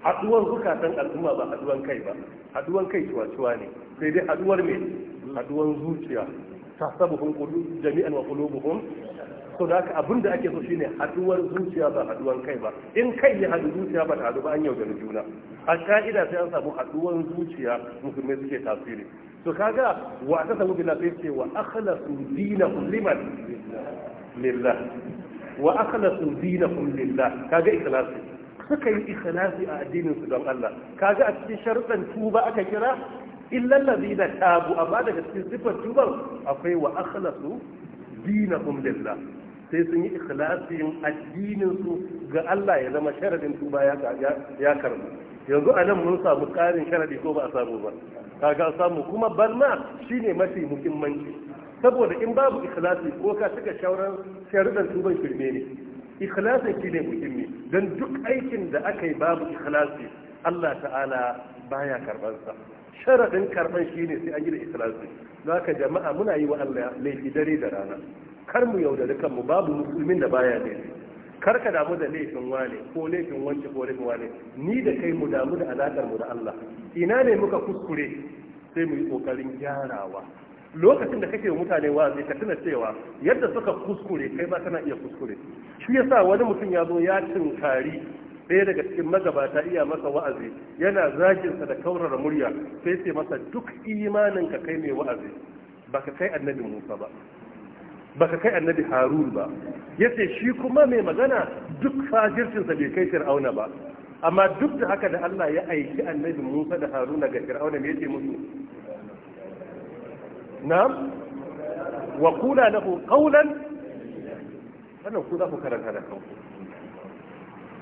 haduwar zukatan al'umma ba haduwan kai ba haduwan kai ciwa-ciwa ne sai dai haduwar mai haduwan zuciya tasabuhum jami'an wa qulubuhum so da aka abin da ake so shine haduwar zuciya ba haduwar kai ba in kai ya hadu zuciya ba ta hadu ba an yau da juna a ka'ida sai an samu haduwar zuciya musulmai suke tasiri to kaga wa ta samu bila sai ce wa akhlasu dinakum liman lillah wa akhlasu dinakum lillah kaga ikhlasi suka yi ikhlasi a addinin su don Allah kaga a cikin sharuɗan tuba aka kira illa allazina tabu amma daga cikin sifar tubar akwai wa akhlasu dinakum lillah sai sun yi ikhlasin addinin su ga Allah ya zama sharadin tuba ya ya yanzu a nan mun samu karin sharadi ko ba a samu ba kaga samu kuma balma shine mafi muhimmanci saboda in babu ikhlasi ko ka cika shauran sharadin tuban firme ne ikhlasi shine muhimmi dan duk aikin da aka yi babu ikhlasi Allah ta'ala baya karban sa sharadin karban shine sai an yi da ikhlasi zaka jama'a muna yi wa Allah laifi dare da rana kar mu yaudari kanmu babu musulmin da baya ne kar ka damu da laifin wane ko laifin wance ko laifin wane ni da kai mu damu da alaƙar mu da Allah ina ne muka kuskure sai mu yi ƙoƙarin gyarawa lokacin da kake mutane wa'azi ka tuna cewa yadda suka kuskure kai ba kana iya kuskure shi yasa wani mutum ya zo ya tinkari ɗaya daga cikin magabata iya masa wa'azi yana zaginsa da kaurara murya sai sai masa duk imanin ka kai mai wa'azi baka kai annabi Musa ba baka kai annabi harun ba yace shi kuma mai magana duk fajircinsa bai kai fir'auna ba amma duk da haka da Allah ya aiki annabi Musa da Haruna ga Fir'auna me yake musu na'am wa qula lahu qawlan wannan ku za ku karanta da kanku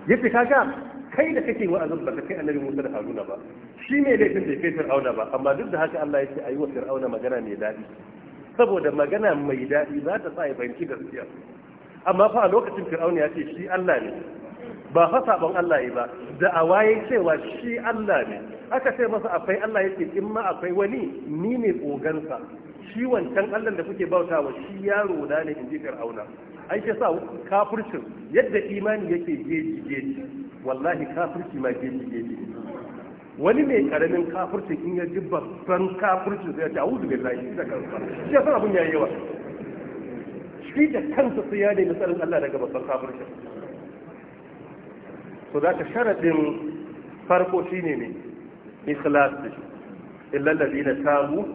yace kaga kai da kake wa'azin ba kai annabi Musa da Haruna ba shi ne laifin da kai Fir'auna ba amma duk da haka Allah ya yake ayi wa Fir'auna magana mai daɗi. saboda magana mai daɗi za ta sa ya fahimci gaskiya amma fa a lokacin fir'aun ya ce shi Allah ne ba fa sabon Allah ba da a cewa shi Allah ne aka ce masa akwai Allah yake in ma akwai wani ni ne sa shi wancan Allah da kuke bautawa shi yaro na ne inji fir'auna ai ke sa kafircin yadda imani yake geji geji wallahi kafirci ma geji geji wani mai karamin kafirci in ya ji babban kafirci zai ya wuzu a'udhu zai shi da kansa shi yasa abun yayi yawa shi da kansa sai ya daina tsarin Allah daga babban kafirci so za ka sharadin farko shine ne ikhlas illa alladhina tabu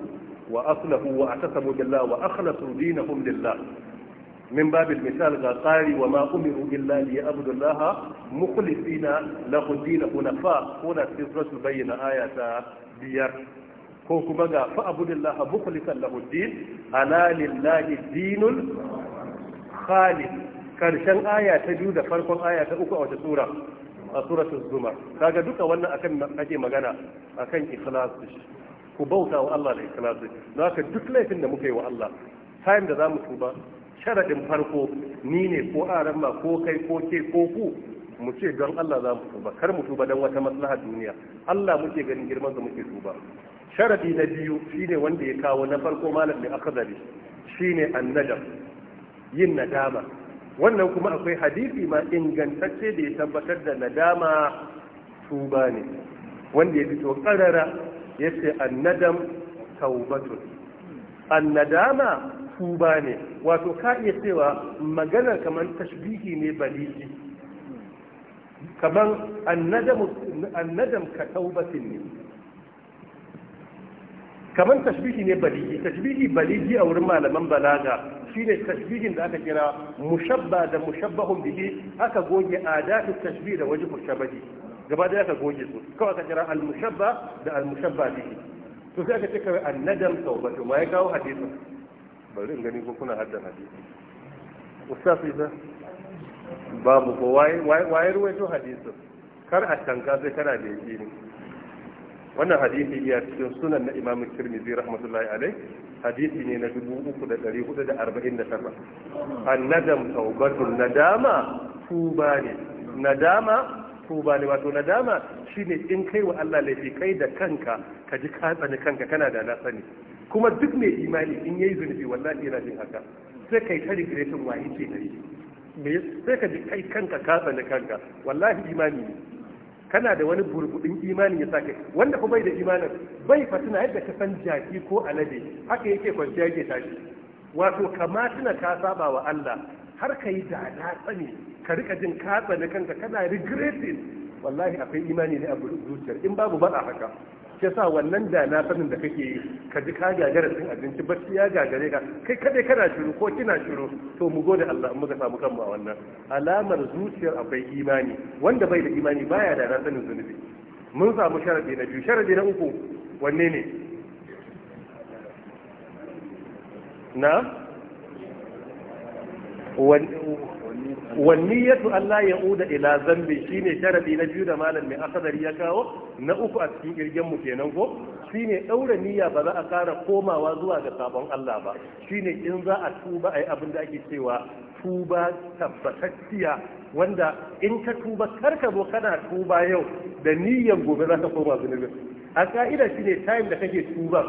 wa aslahu wa atasamu billah wa akhlasu dinahum lillah min babil misal ga tsari wa ma umiru illa li abdullah mukhlisina lahu dinu hunafa ko na bayyana ayata biyar ko kuma ga fa abdullah mukhlisan lahu din ala lillahi dinul khalid karshen aya ta biyu da farkon aya ta uku a wata sura a suratul zumar kaga duka wannan akan ake magana akan ikhlas ku bauta wa Allah da ikhlasi don haka duk laifin da muka yi wa Allah time da za mu tuba sharaɗin farko ni ne ko aran ma ko kai ko ke ko ku mu ce don Allah za mu tuba kar mu tuba don wata maslahar duniya Allah muke ganin girman ga muke tuba sharadi na biyu shine wanda ya kawo na farko malam mai akadari shine annadam yin nadama wannan kuma akwai hadisi ma ingantacce da ya tabbatar da nadama tuba ne wanda ya fito karara ya ce annadam taubatun annadama tuba ne wato ka iya cewa maganar kamar tashbihi ne baliji kamar annadam ka taubatin ne kamar tashbihi ne baliji tashbihi baliji a wurin malaman balaga shine tashbihin da aka kira mushabba da mushabbahun bihi aka goge adatu tashbih da wajhu shabahi gaba da aka goge su kawai aka kira al mushabba da al mushabba bihi to sai aka ce kawai annadam taubatu ma ya kawo hadisin bari in gani ko kuna hadda hadisi ustaz isa babu ko waye ruwai to hadisi kar a tanka sai kana da ne wannan hadisi ya cikin sunan na imam tirmidhi rahmatullahi alai hadisi ne na an nadam taubatun nadama tuba ne nadama tuba ne wato nadama shine in kai wa Allah laifi kai da kanka ka ji ka tsani kanka kana da na sani kuma duk mai imani in yayi zunubi wallahi yana jin haka sai kai ta regretin waye ce gare me sai ka ji kai kanka ka tsani kanka wallahi imani ne kana da wani burbudin imani ya sake wanda kuma bai da imanin bai fatina yadda ka san jaki ko alade haka yake kwanciya yake tashi wato kama tuna ka saba wa Allah har ka yi da na tsani ka rika jin ka tsani kanka kana regretin wallahi akwai imani ne a zuciyar in babu ba a haka ke sa wannan da na sanin da kake yi ka ji ka gagara cin abinci bacci ya gagare ka kai kadai kana shiru ko kina shiru to mu gode Allah mu ga samu kanmu a wannan alamar zuciyar akwai imani wanda bai da imani baya da na sanin zunubi mun samu sharadi na biyu sharadi na uku wanne ne na wanniyatu Allah ya uda ila zambi shine sharadi na biyu da malam mai akadari ya kawo na uku a cikin kirgen mu kenan ko shine daura niyya ba za a kara komawa zuwa ga sabon Allah ba shine in za a tuba ai abin da ake cewa tuba tabbatacciya wanda in ka tuba karka zo kana tuba yau da niyyan gobe za ka koma zunubin a ka'ida shine time da kake tuba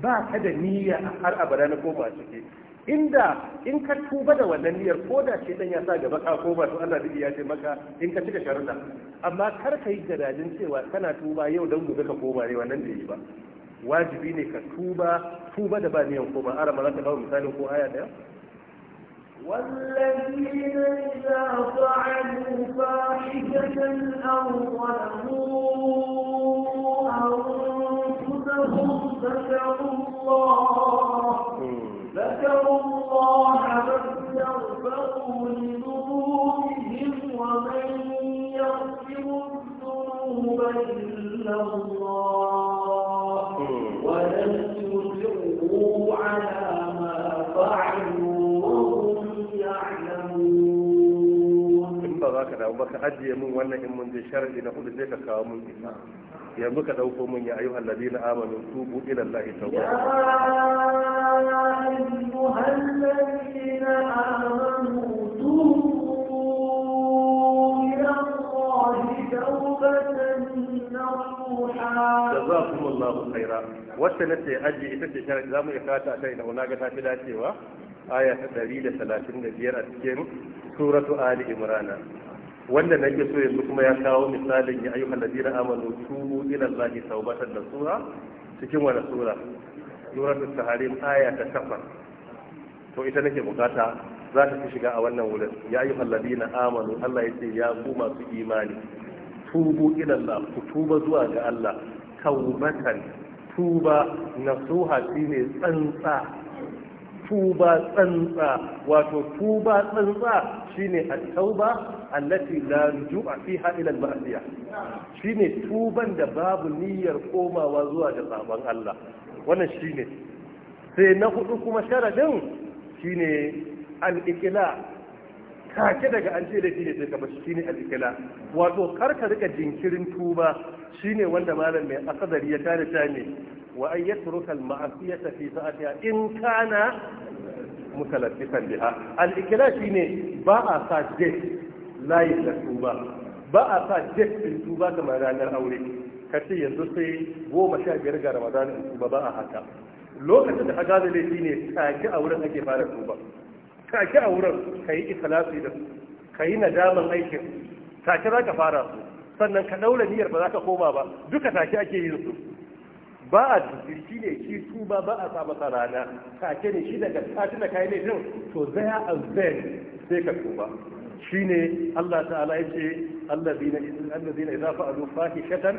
ba ka da niyya har abada na koma ciki inda in ka tuba da wannan niyyar ko da ce dan ya sa gaba ka ko ba to Allah duk ya ce maka in ka cika sharuda amma kar ka yi gadajin cewa kana tuba yau dan gobe ka koma ne eh, wannan da yi ba wajibi ne ka tuba tuba da ba ko koma ara ma za ta kawo misalin ko aya daya
والذين إذا فعلوا فاحشة أو ظلموا أنفسهم ذكروا الله ذكروا الله فاستغفروا لذنوبهم ومن يغفر الذنوب إلا الله ولم
يصروا على ما فعلوا وهم
يعلمون
إن بغاك لو بك أجي من وانا إن من شرع نقول زيك كامل يا بك دوكم يا أيها الذين آمنوا توبوا إلى الله توبة
jazakum
Allahu khaira wacce nace ita ce sharadi zamu iya kata kai da wani ga ta fi dacewa aya ta biyar a cikin suratu ali imran wanda ke so yanzu kuma ya kawo misalin ya ayyuhal ladina amanu tubu ila Allahi da nasuha cikin wani sura suratul taharim aya ta takwas to ita nake bukata za ta fi shiga a wannan wurin ya yi halladina amanu Allah ya ce ya ku masu imani tubu ilallah ku tuba zuwa ga Allah taubatan tuba nasuha shine tsantsa tuba tsantsa wato tuba tsantsa shine at-tauba allati la rujua fiha ila al-ma'siyah shine tuban da babu niyyar komawa zuwa ga sabon Allah wannan shi ne, sai na hudu kuma sharadin shi ne al'ikila. Kake daga an ce da ne sai ka shi ne al wato karka rika jinkirin tuba shi ne wanda malam mai akadari ya tare ta ne wa an yatruka al-ma'siyata a sa'atiha in kana kan biha Al'ikila shi ne ba a sa date layi da tuba ba a sa date din tuba kamar ranar aure ka yanzu sai goma sha biyar ga ramadana in tuba ba a haka lokacin da ka gane laifi ne kaki a wurin ake fara tuba kaki a wurin ka yi ikhlasi da ka yi nadaman aikin kaki za ka fara su sannan ka daura niyyar ba za ka koma ba duka kaki ake yin su ba a jirki ne shi tuba ba a sa masa rana kaki ne shi daga sati da kayan laifin to zaya an zen sai ka tuba shine Allah ta'ala yace allazina allazina idza fa'alu fahishatan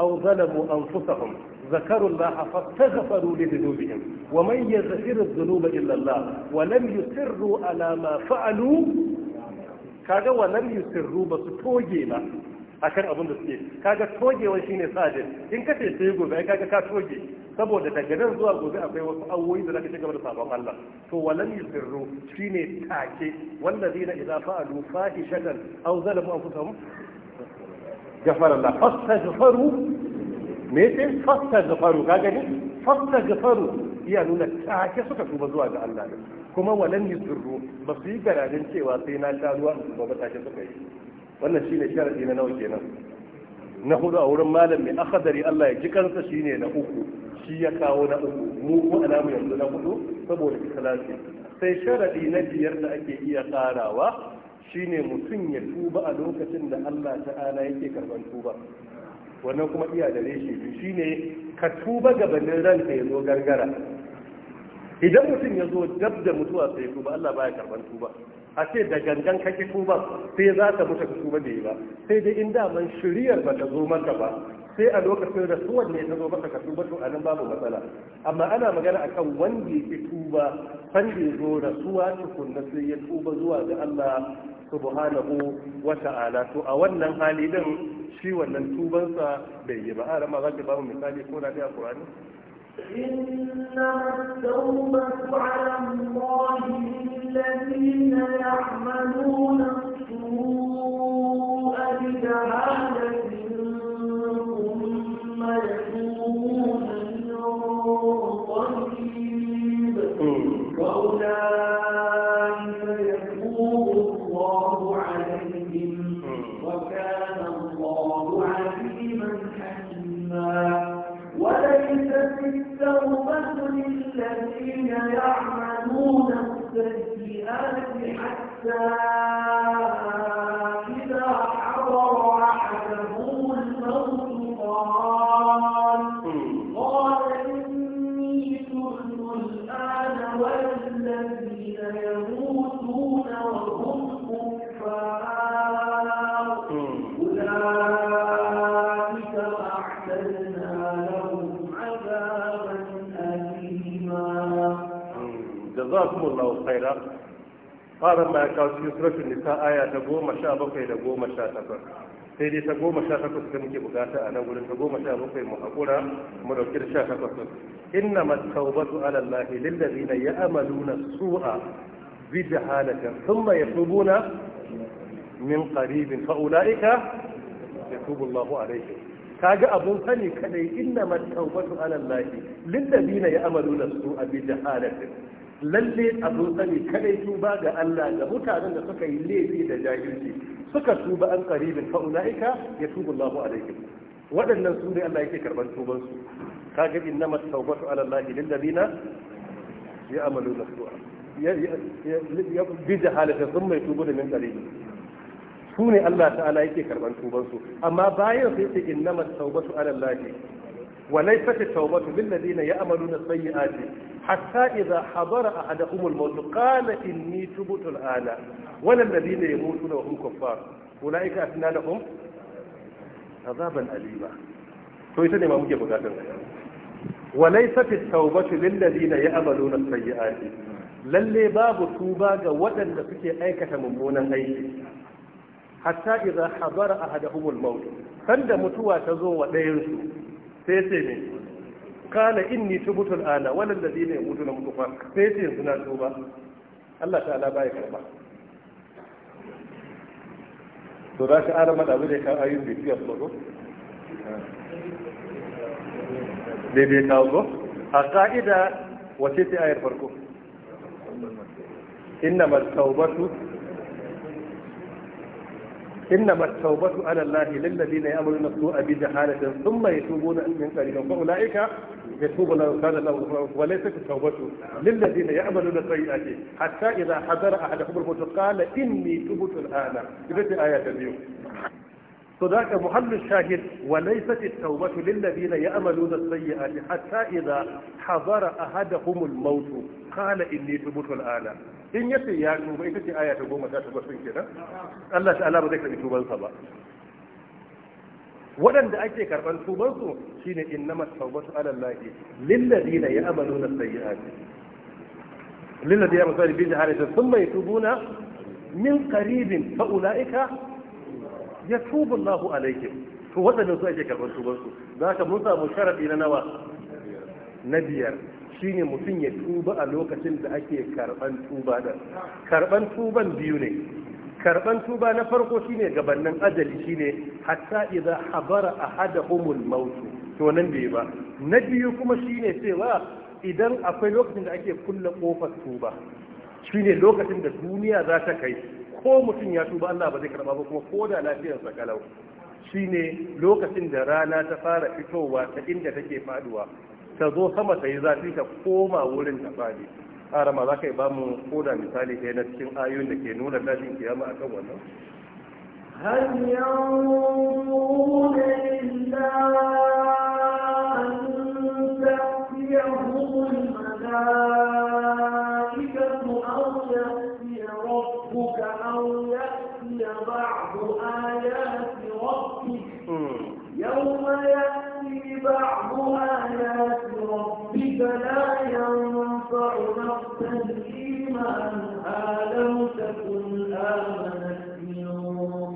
أو ظلموا أنفسهم ذكروا الله فاستغفروا لذنوبهم ومن يغفر الذنوب إلا الله ولم يسروا على ما فعلوا kaga walam yusirru ba su toge ba akan abin da suke kaga togewa shine sadin in ka ce sai gobe ai kaga ka toge saboda daga nan zuwa gobe akwai wasu awoyi da zaka ci gaba da sabon Allah to walam yusirru shine take wallazina idza fa'alu fahishatan aw zalamu anfusahum gafara Allah fastaghfaru me yace fastaghfaru ka gani fastaghfaru iya nuna take suka tuba zuwa ga Allah kuma walan yusirru ba su yi garadin cewa sai na ta ruwa ba ba take suka yi wannan shine sharadi na nawa kenan na hudu a wurin malam mai akadari Allah ya ji kansa shine na uku shi ya kawo na uku mu ko alamu yanzu na hudu saboda ikhlasi sai sharadi na biyar da ake iya karawa shine mutum ya tuba a lokacin da Allah ta'ala yake karban tuba wannan kuma iya da reshe shine ka tuba gabanin ranka ya zo gargara idan mutum ya zo dab da mutuwa sai tuba Allah baya karban tuba a ce da gangan kake tuba sai za ka mutu ka tuba da yi ba sai dai in daman shiriyar ba ta zo maka ba sai a lokacin da suwan ne ta zo maka ka tuba to anan babu matsala amma ana magana akan wanda yake tuba san da zo rasuwa tukunna sai ya tuba zuwa ga Allah subhanahu wa ta'ala to a wannan hali din shi wannan tubansa bai yi ba har ma za ba mu misali ko da a Qur'ani
إنما التوبة على الله للذين يعملون السوء بجهالة
fara ma ya kawo cikin suratul nisa aya ta goma sha bakwai da goma sha takwas sai dai ta goma sha takwas da muke bukata a nan wurin ta goma sha bakwai mu haƙura mu ɗauki da sha takwas inna mattaubatu ala allahi lillazina ya'maluna su'a bi ya thumma yatubuna min qaribin fa ulaika yatubu allahu alaihim kaga abun sani kadai inna mattaubatu ala allahi lillazina ya'maluna su'a bi jahalatin lalle a zo sani kadai tuba ga Allah ga mutanen da suka yi laifi da jahilci suka tuba an qaribin fa ulaika yatubu Allahu alaihim waɗannan su ne Allah yake karban tuban su kaga innama tawbatu ala Allah lil ladina ya'maluna su'a ya bi jahalata sun mai tubu da min qaribi su ne Allah ta'ala yake karban tuban su amma bayan sai ce innama tawbatu ala Allah وليست التوبة للذين يأملون السيئات حتى إذا حضر أحدهم الموت قال إني تبت الآن ولا الذين يموتون وهم كفار أولئك أثنى لهم عذابا أليما فإذا ما مجيب قادر وليست التوبة للذين يأملون السيئات lalle babu tuba ga waɗanda suke aikata mummunan aiki hatta idza hadara ahaduhumul maut sanda mutuwa ta zo wa ɗayan su sai ce me kana inni tubtu al'ana walal ladina mutu mutufan sai ce yanzu na tuba Allah ta'ala bai karba to da ka ara mada bude kan ayyun bi fiya tsoro bai kawo ba? a ka'ida wace ce ayar farko mai tawbatu إنما التوبة على الله للذين يأمرون السوء بجهالة ثم يتوبون من قريب فأولئك يتوب الله كان له وليست التوبة للذين يأمرون السيئات حتى إذا حضر أحدهم الموت قال إني تبت الآن في آية اليوم صداك محل الشاهد وليست التوبة للذين يأملون السيئات حتى إذا حضر أحدهم الموت قال إني تبت الآن in yace ya tuba ita ce aya ta goma ta takwas sun kenan Allah ta'ala ba zai karɓi tubansa ba waɗanda ake karɓar tubansu shine innamat tawbatu ala Allah lilladina ya'maluna sayyi'ati lilladina ya'maluna bi jahalatin thumma yatubuna min qaribin fa ulaika yatubu Allah alaihim to waɗannan su ake karɓar tubansu zaka mun samu sharadi na nawa na biyar Shi ne mutum ya tuba a lokacin da ake karban tuba da karban tuban biyu ne karban tuba na farko shi shine gabannin ajali shi ne, hatta iza habara a hada umul mautu to nan bai ba na biyu kuma shi ne cewa idan akwai lokacin da ake kulle kofar tuba shi ne lokacin da duniya za ta kai ko mutum ya tuba Allah ba zai karba ba kuma ko da lafiyarsa kalau ne lokacin da rana ta fara fitowa ta inda take faduwa ta zo sama ta yi zafi ta koma wurin ta fadi arama za ka yi ba mu koda misali ɗaya na cikin ayoyin da ke nuna tashin kiyama kan wannan هل
ينظرون hmm. يوم يأتي بعض آيات ربك لا ينفع نفسا إيمانها لم تكن آمنت من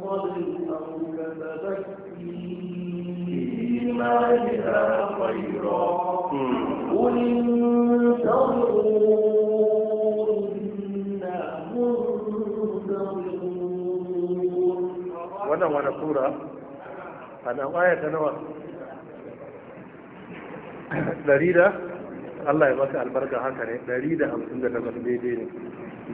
قبل أو كسبت إيمانها خيرا قل انتظروا إنا منتظرون ونوى نصورة
أنا آية نوى ɗari da Allah ya maka albarka haka ne ɗari da hamsin da takwas daidai ne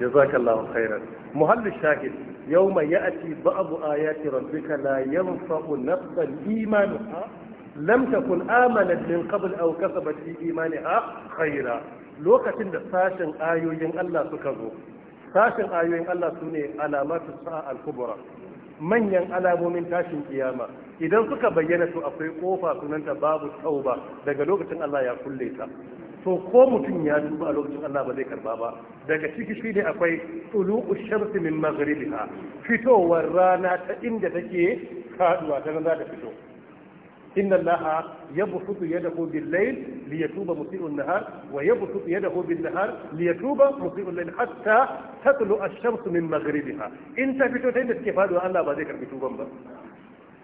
jazakallahu khairan muhallu shahid yawma ya'ti ba'du ayati rabbika na yanfa'u nafsan imanuha Lamta kun amanat min qabl aw kasabat fi imaniha khaira lokacin da sashin ayoyin Allah suka zo sashin ayoyin Allah sune alamatu sa'a al-kubra manyan alamomin tashin kiyama idan suka bayyana to akwai kofa sunanta babu tauba daga lokacin Allah ya kulle ta to ko mutum ya duba a lokacin Allah ba zai karba ba daga ciki shi ne akwai tuluqu shamsi min maghribiha fitowar rana ta inda take faduwa ta nan za ta fito إن الله يبسط يده بالليل ليتوب مسيء النهار ويبسط يده بالنهار ليتوب مسيء الليل حتى تطلع الشمس من مغربها إن تفتو تين استفاد الله بعد ذكر بتوبا با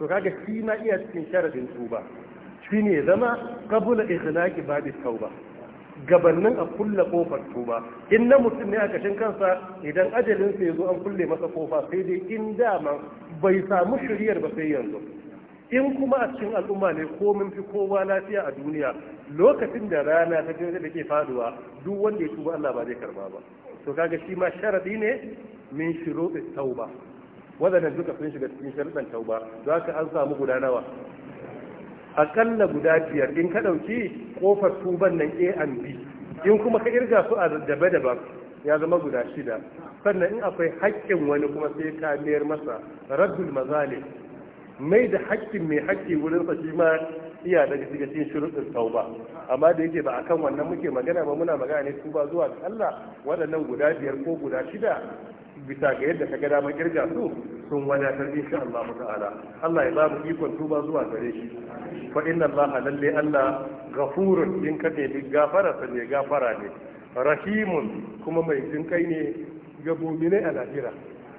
to kaga shi ma iya cikin sharadin tuba shine zama qabula ighlaqi babi gabannin a kulle kofar tuba in na mutum ne a kashin kansa idan ajalinsa ya zo an kulle masa kofa sai dai in dama bai samu shiriyar ba sai yanzu in kuma a cikin al'umma ne ko mun fi kowa lafiya a duniya lokacin da rana ta jirgin da ke faduwa duk wanda ya tuba Allah ba zai karba ba to kaga shi ma sharadi ne min shuruɗin tauba da duka sun shiga cikin sharadin tauba za ka an samu guda nawa akalla guda biyar in ka ɗauki kofar tuban nan a and b in kuma ka irga su a daba daban ya zama guda shida sannan in akwai haƙƙin wani kuma sai ka mayar masa raddul mazalim mai da haƙƙin mai haƙƙi wurin sa shi ma iya daga cikin shuruɗin tauba amma da yake ba akan wannan muke magana ba muna magana ne tuba zuwa ga Allah waɗannan guda biyar ko guda shida bisa ga yadda ka gada damar kirga su sun wadatar insha Allah ta'ala Allah ya ba mu ikon tuba zuwa gare shi fa inna Allah lalle Allah ghafurun in ka ne gafara sa ne gafara ne rahimun kuma mai jinkai ne ga ne a lahira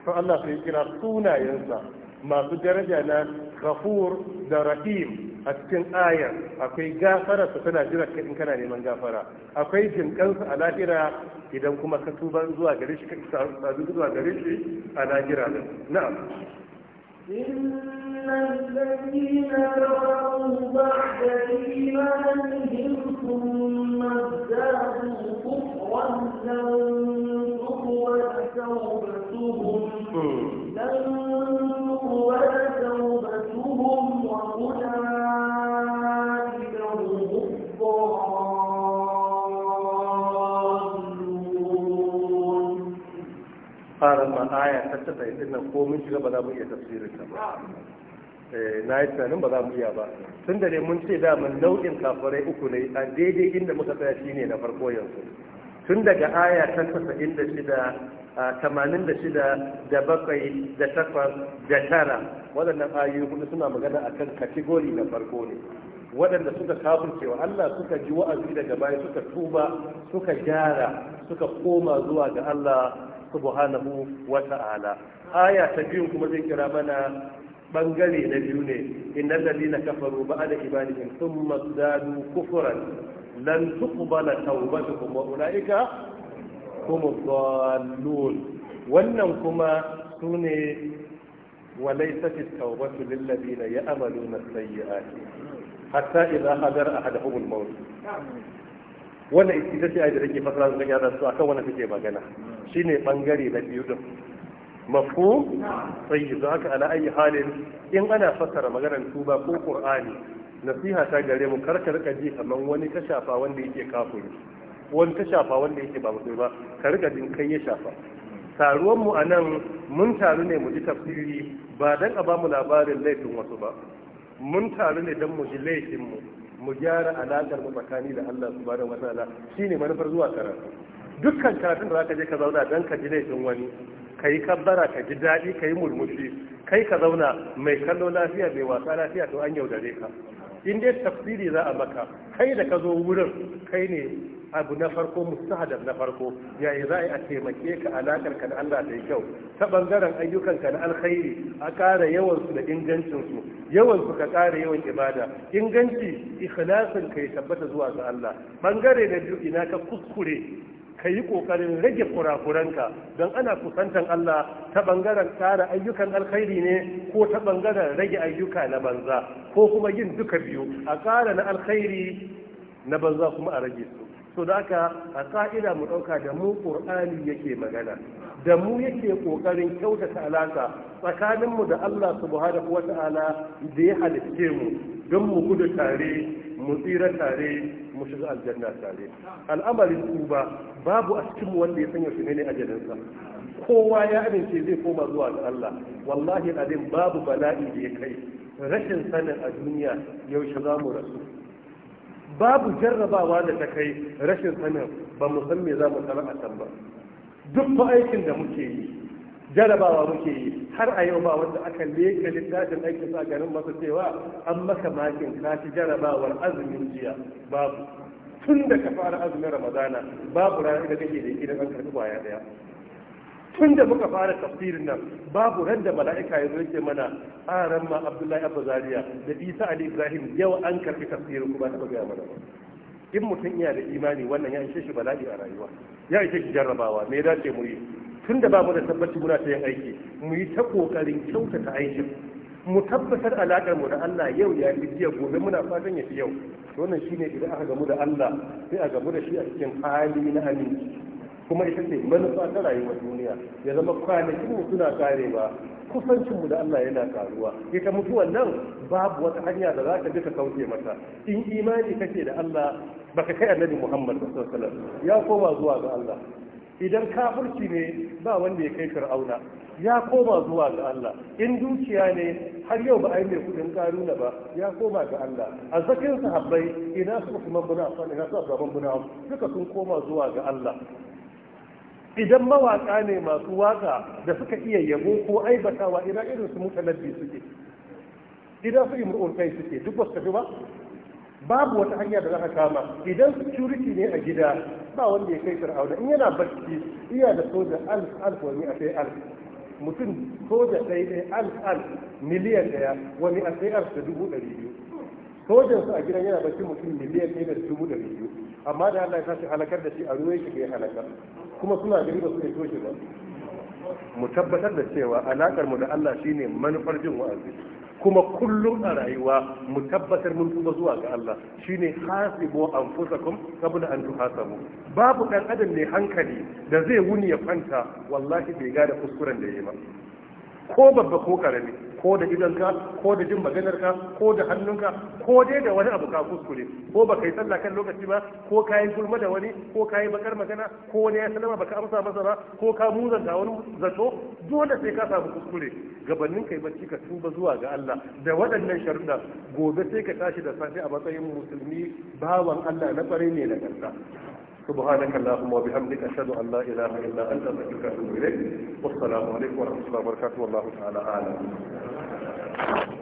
to Allah sai kira sunayensa masu daraja na ghafur da rahim a cikin ayar akwai gafara su tana jira in kana neman gafara akwai kansu a lahira idan kuma ka tuba zuwa gare shi ka sadu zuwa gare shi a lahira din na'am
إن الذين كفروا بعد إيمانهم ثم ازدادوا كفرا لهم
aya ta tata idan nan ko mun shiga ba za mu iya tafsirin ta ba eh, na yi tunanin ba za mu iya ba tun da ne mun ce da mun nau'in kafirai uku ne a daidai inda muka tsaya shine na farko yanzu tun daga aya ta tasa'in da shida tamanin da shida da bakwai da takwas da tara waɗannan ayoyi kuma suna magana a kan katigori na farko ne waɗanda suka kafurce wa Allah suka ji wa'azi daga baya suka tuba suka gyara suka koma zuwa ga Allah subhanahu wa ta'ala aya ta kuma zai kira mana bangare na biyu ne innal ladina kafaru ba'da imanihim thumma zadu kufran lan tuqbala tawbatuhum wa ulaika hum dhallun wannan kuma sune وليست التوبة للذين يأملون السيئات حتى إذا حضر أحدهم الموت wannan ita ce ayi da take fasara da gyara su akan wannan take magana shine bangare na biyu da mafu sai da haka ala ayi halin in ana fasara maganar tuba ko qur'ani nasiha ta gare mu karkar ka ji kaman wani ta shafa wanda yake kafuri wani ta shafa wanda yake ba musulmi ba ka rika jin kai ya shafa taruwan mu nan mun taru ne mu ji tafsiri ba dan a ba mu labarin laifin wasu ba mun taru ne dan mu ji laifin mu mu gyara alaƙar mu tsakani da Allah subhanahu wa shi ne manufar zuwa karatu dukkan karatun da zaka je ka zauna dan ka ji laifin wani kai kabbara ka ji daɗi ka yi murmushi kai ka zauna mai kallo lafiya mai wasa lafiya to an yaudare ka in dai tafsiri za a maka kai da ka zo wurin kai ne abu na farko mustahadar na farko yi za a taimake ka alakar ka da Allah da kyau ta ɓangaren ayyukan ka na alkhairi a ƙara yawan su da ingancin su yawan su ka ƙara yawan ibada inganci ikhlasin ka ya tabbata zuwa ga Allah ɓangare na biyu ina ka kuskure ka yi ƙoƙarin rage kurakuranka don ana kusantan Allah ta ɓangaren ƙara ayyukan alkhairi ne ko ta ɓangaren rage ayyuka na banza ko kuma yin duka biyu a ƙara na alkhairi na banza kuma a rage su so da aka a ka'ida mu ɗauka da mu ƙur'ani yake magana da mu yake ƙoƙarin kyautata alaƙa tsakaninmu da Allah subhanahu wata'ala da ya halitte mu don mu gudu tare mu tsira tare mu shiga aljanna tare al'amarin ba babu a cikin wanda ya sanya shi ne a ajalinsa kowa ya amince zai koma zuwa ga Allah wallahi alazim babu bala'i da ya kai rashin sanin a duniya yaushe za mu rasu babu jarrabawa da ta kai rashin sanin ba mu san me za mu sanar a can ba duk ba aikin da muke yi jarrabawa muke yi har a yau ba wanda aka leka littafin aikin sa garin masu cewa an maka makin kashi jarrabawar azumin jiya babu tun da ka fara azumin ramadana babu ranar da kake da idan an karɓi kwaya daya tun da muka fara tafsirin nan babu randa mala'ika ya yake mana aran ma abdullahi abba Zariya da isa ali ibrahim yau an karbi tafsirin kuma ta gaya mana ba in mutum iya da imani wannan ya ishe shi bala'i a rayuwa ya ishe shi jarrabawa me ya dace mu yi tun da babu da tabbaci muna ta yin aiki mu yi ta kokarin kyautata aikin mu tabbatar alaƙar mu da Allah yau ya fi jiya gobe muna fatan ya fi yau wannan shine idan aka gamu da Allah sai a gamu da shi a cikin hali na aminci kuma ita ce manufa ta rayuwar duniya ya zama kwanakin mu suna karewa kusancin mu da Allah yana karuwa ita mutuwan nan babu wata hanya da za ka bi ka kauce mata in imani kake da Allah baka kai annabi Muhammad sallallahu alaihi wasallam ya koma zuwa ga Allah idan kafirci ne ba wanda ya kai fir'auna ya koma zuwa ga Allah in dukiya ne har yau ba a yi mai kudin karuna ba ya koma ga Allah a zakin sahabbai ina su kuma buna ina su Abdurrahman buna Auf Suka sun koma zuwa ga Allah idan mawaka ne masu waka da suka iya yabo ko aibatawa idan irin su mutalabbi suke idan su imrul kai suke duk wasu tafi ba babu wata hanya da za ka kama idan su curiki ne a gida ba wanda ya kai fir'auna in yana barci iya da soja alf alf wani a sai alf mutum soja ɗaya ɗaya alf alf miliyan ɗaya wani a sai alf da dubu ɗari biyu sojansu a gidan yana barci mutum miliyan ɗaya da dubu ɗari biyu amma da Allah ya tashi halakar da shi a ruwan shi bai halakar kuma suna gari ba su ne toshe ba mu tabbatar da cewa alakar mu da Allah shine manufar jin wa'azi kuma kullum a rayuwa mu tabbatar mun tuba zuwa ga Allah shine hasibu anfusakum qabla an tuhasabu babu dan adam ne hankali da zai wuni ya kwanta wallahi bai ga da kuskuren da yayi ba ko babba ko karami ko da gidanka ko da jin maganarka ko da hannunka ko dai da wani abu ka kuskure ko baka yi sallah kan lokaci ba ko ka yi gulma da wani ko ka yi bakar magana ko wani ya sallama baka amsa masa ba ko ka ga wani zato dole sai ka samu kuskure gabanin kai bacci ka tuba zuwa ga Allah da waɗannan sharuɗa gobe sai ka tashi da safe a matsayin musulmi bawan Allah na ƙwarai ne na karsa سبحانك اللهم وبحمدك أشهد أن لا إله إلا أنت أستغفرك وأتوب إليك والسلام عليكم ورحمة الله وبركاته والله تعالى
أعلم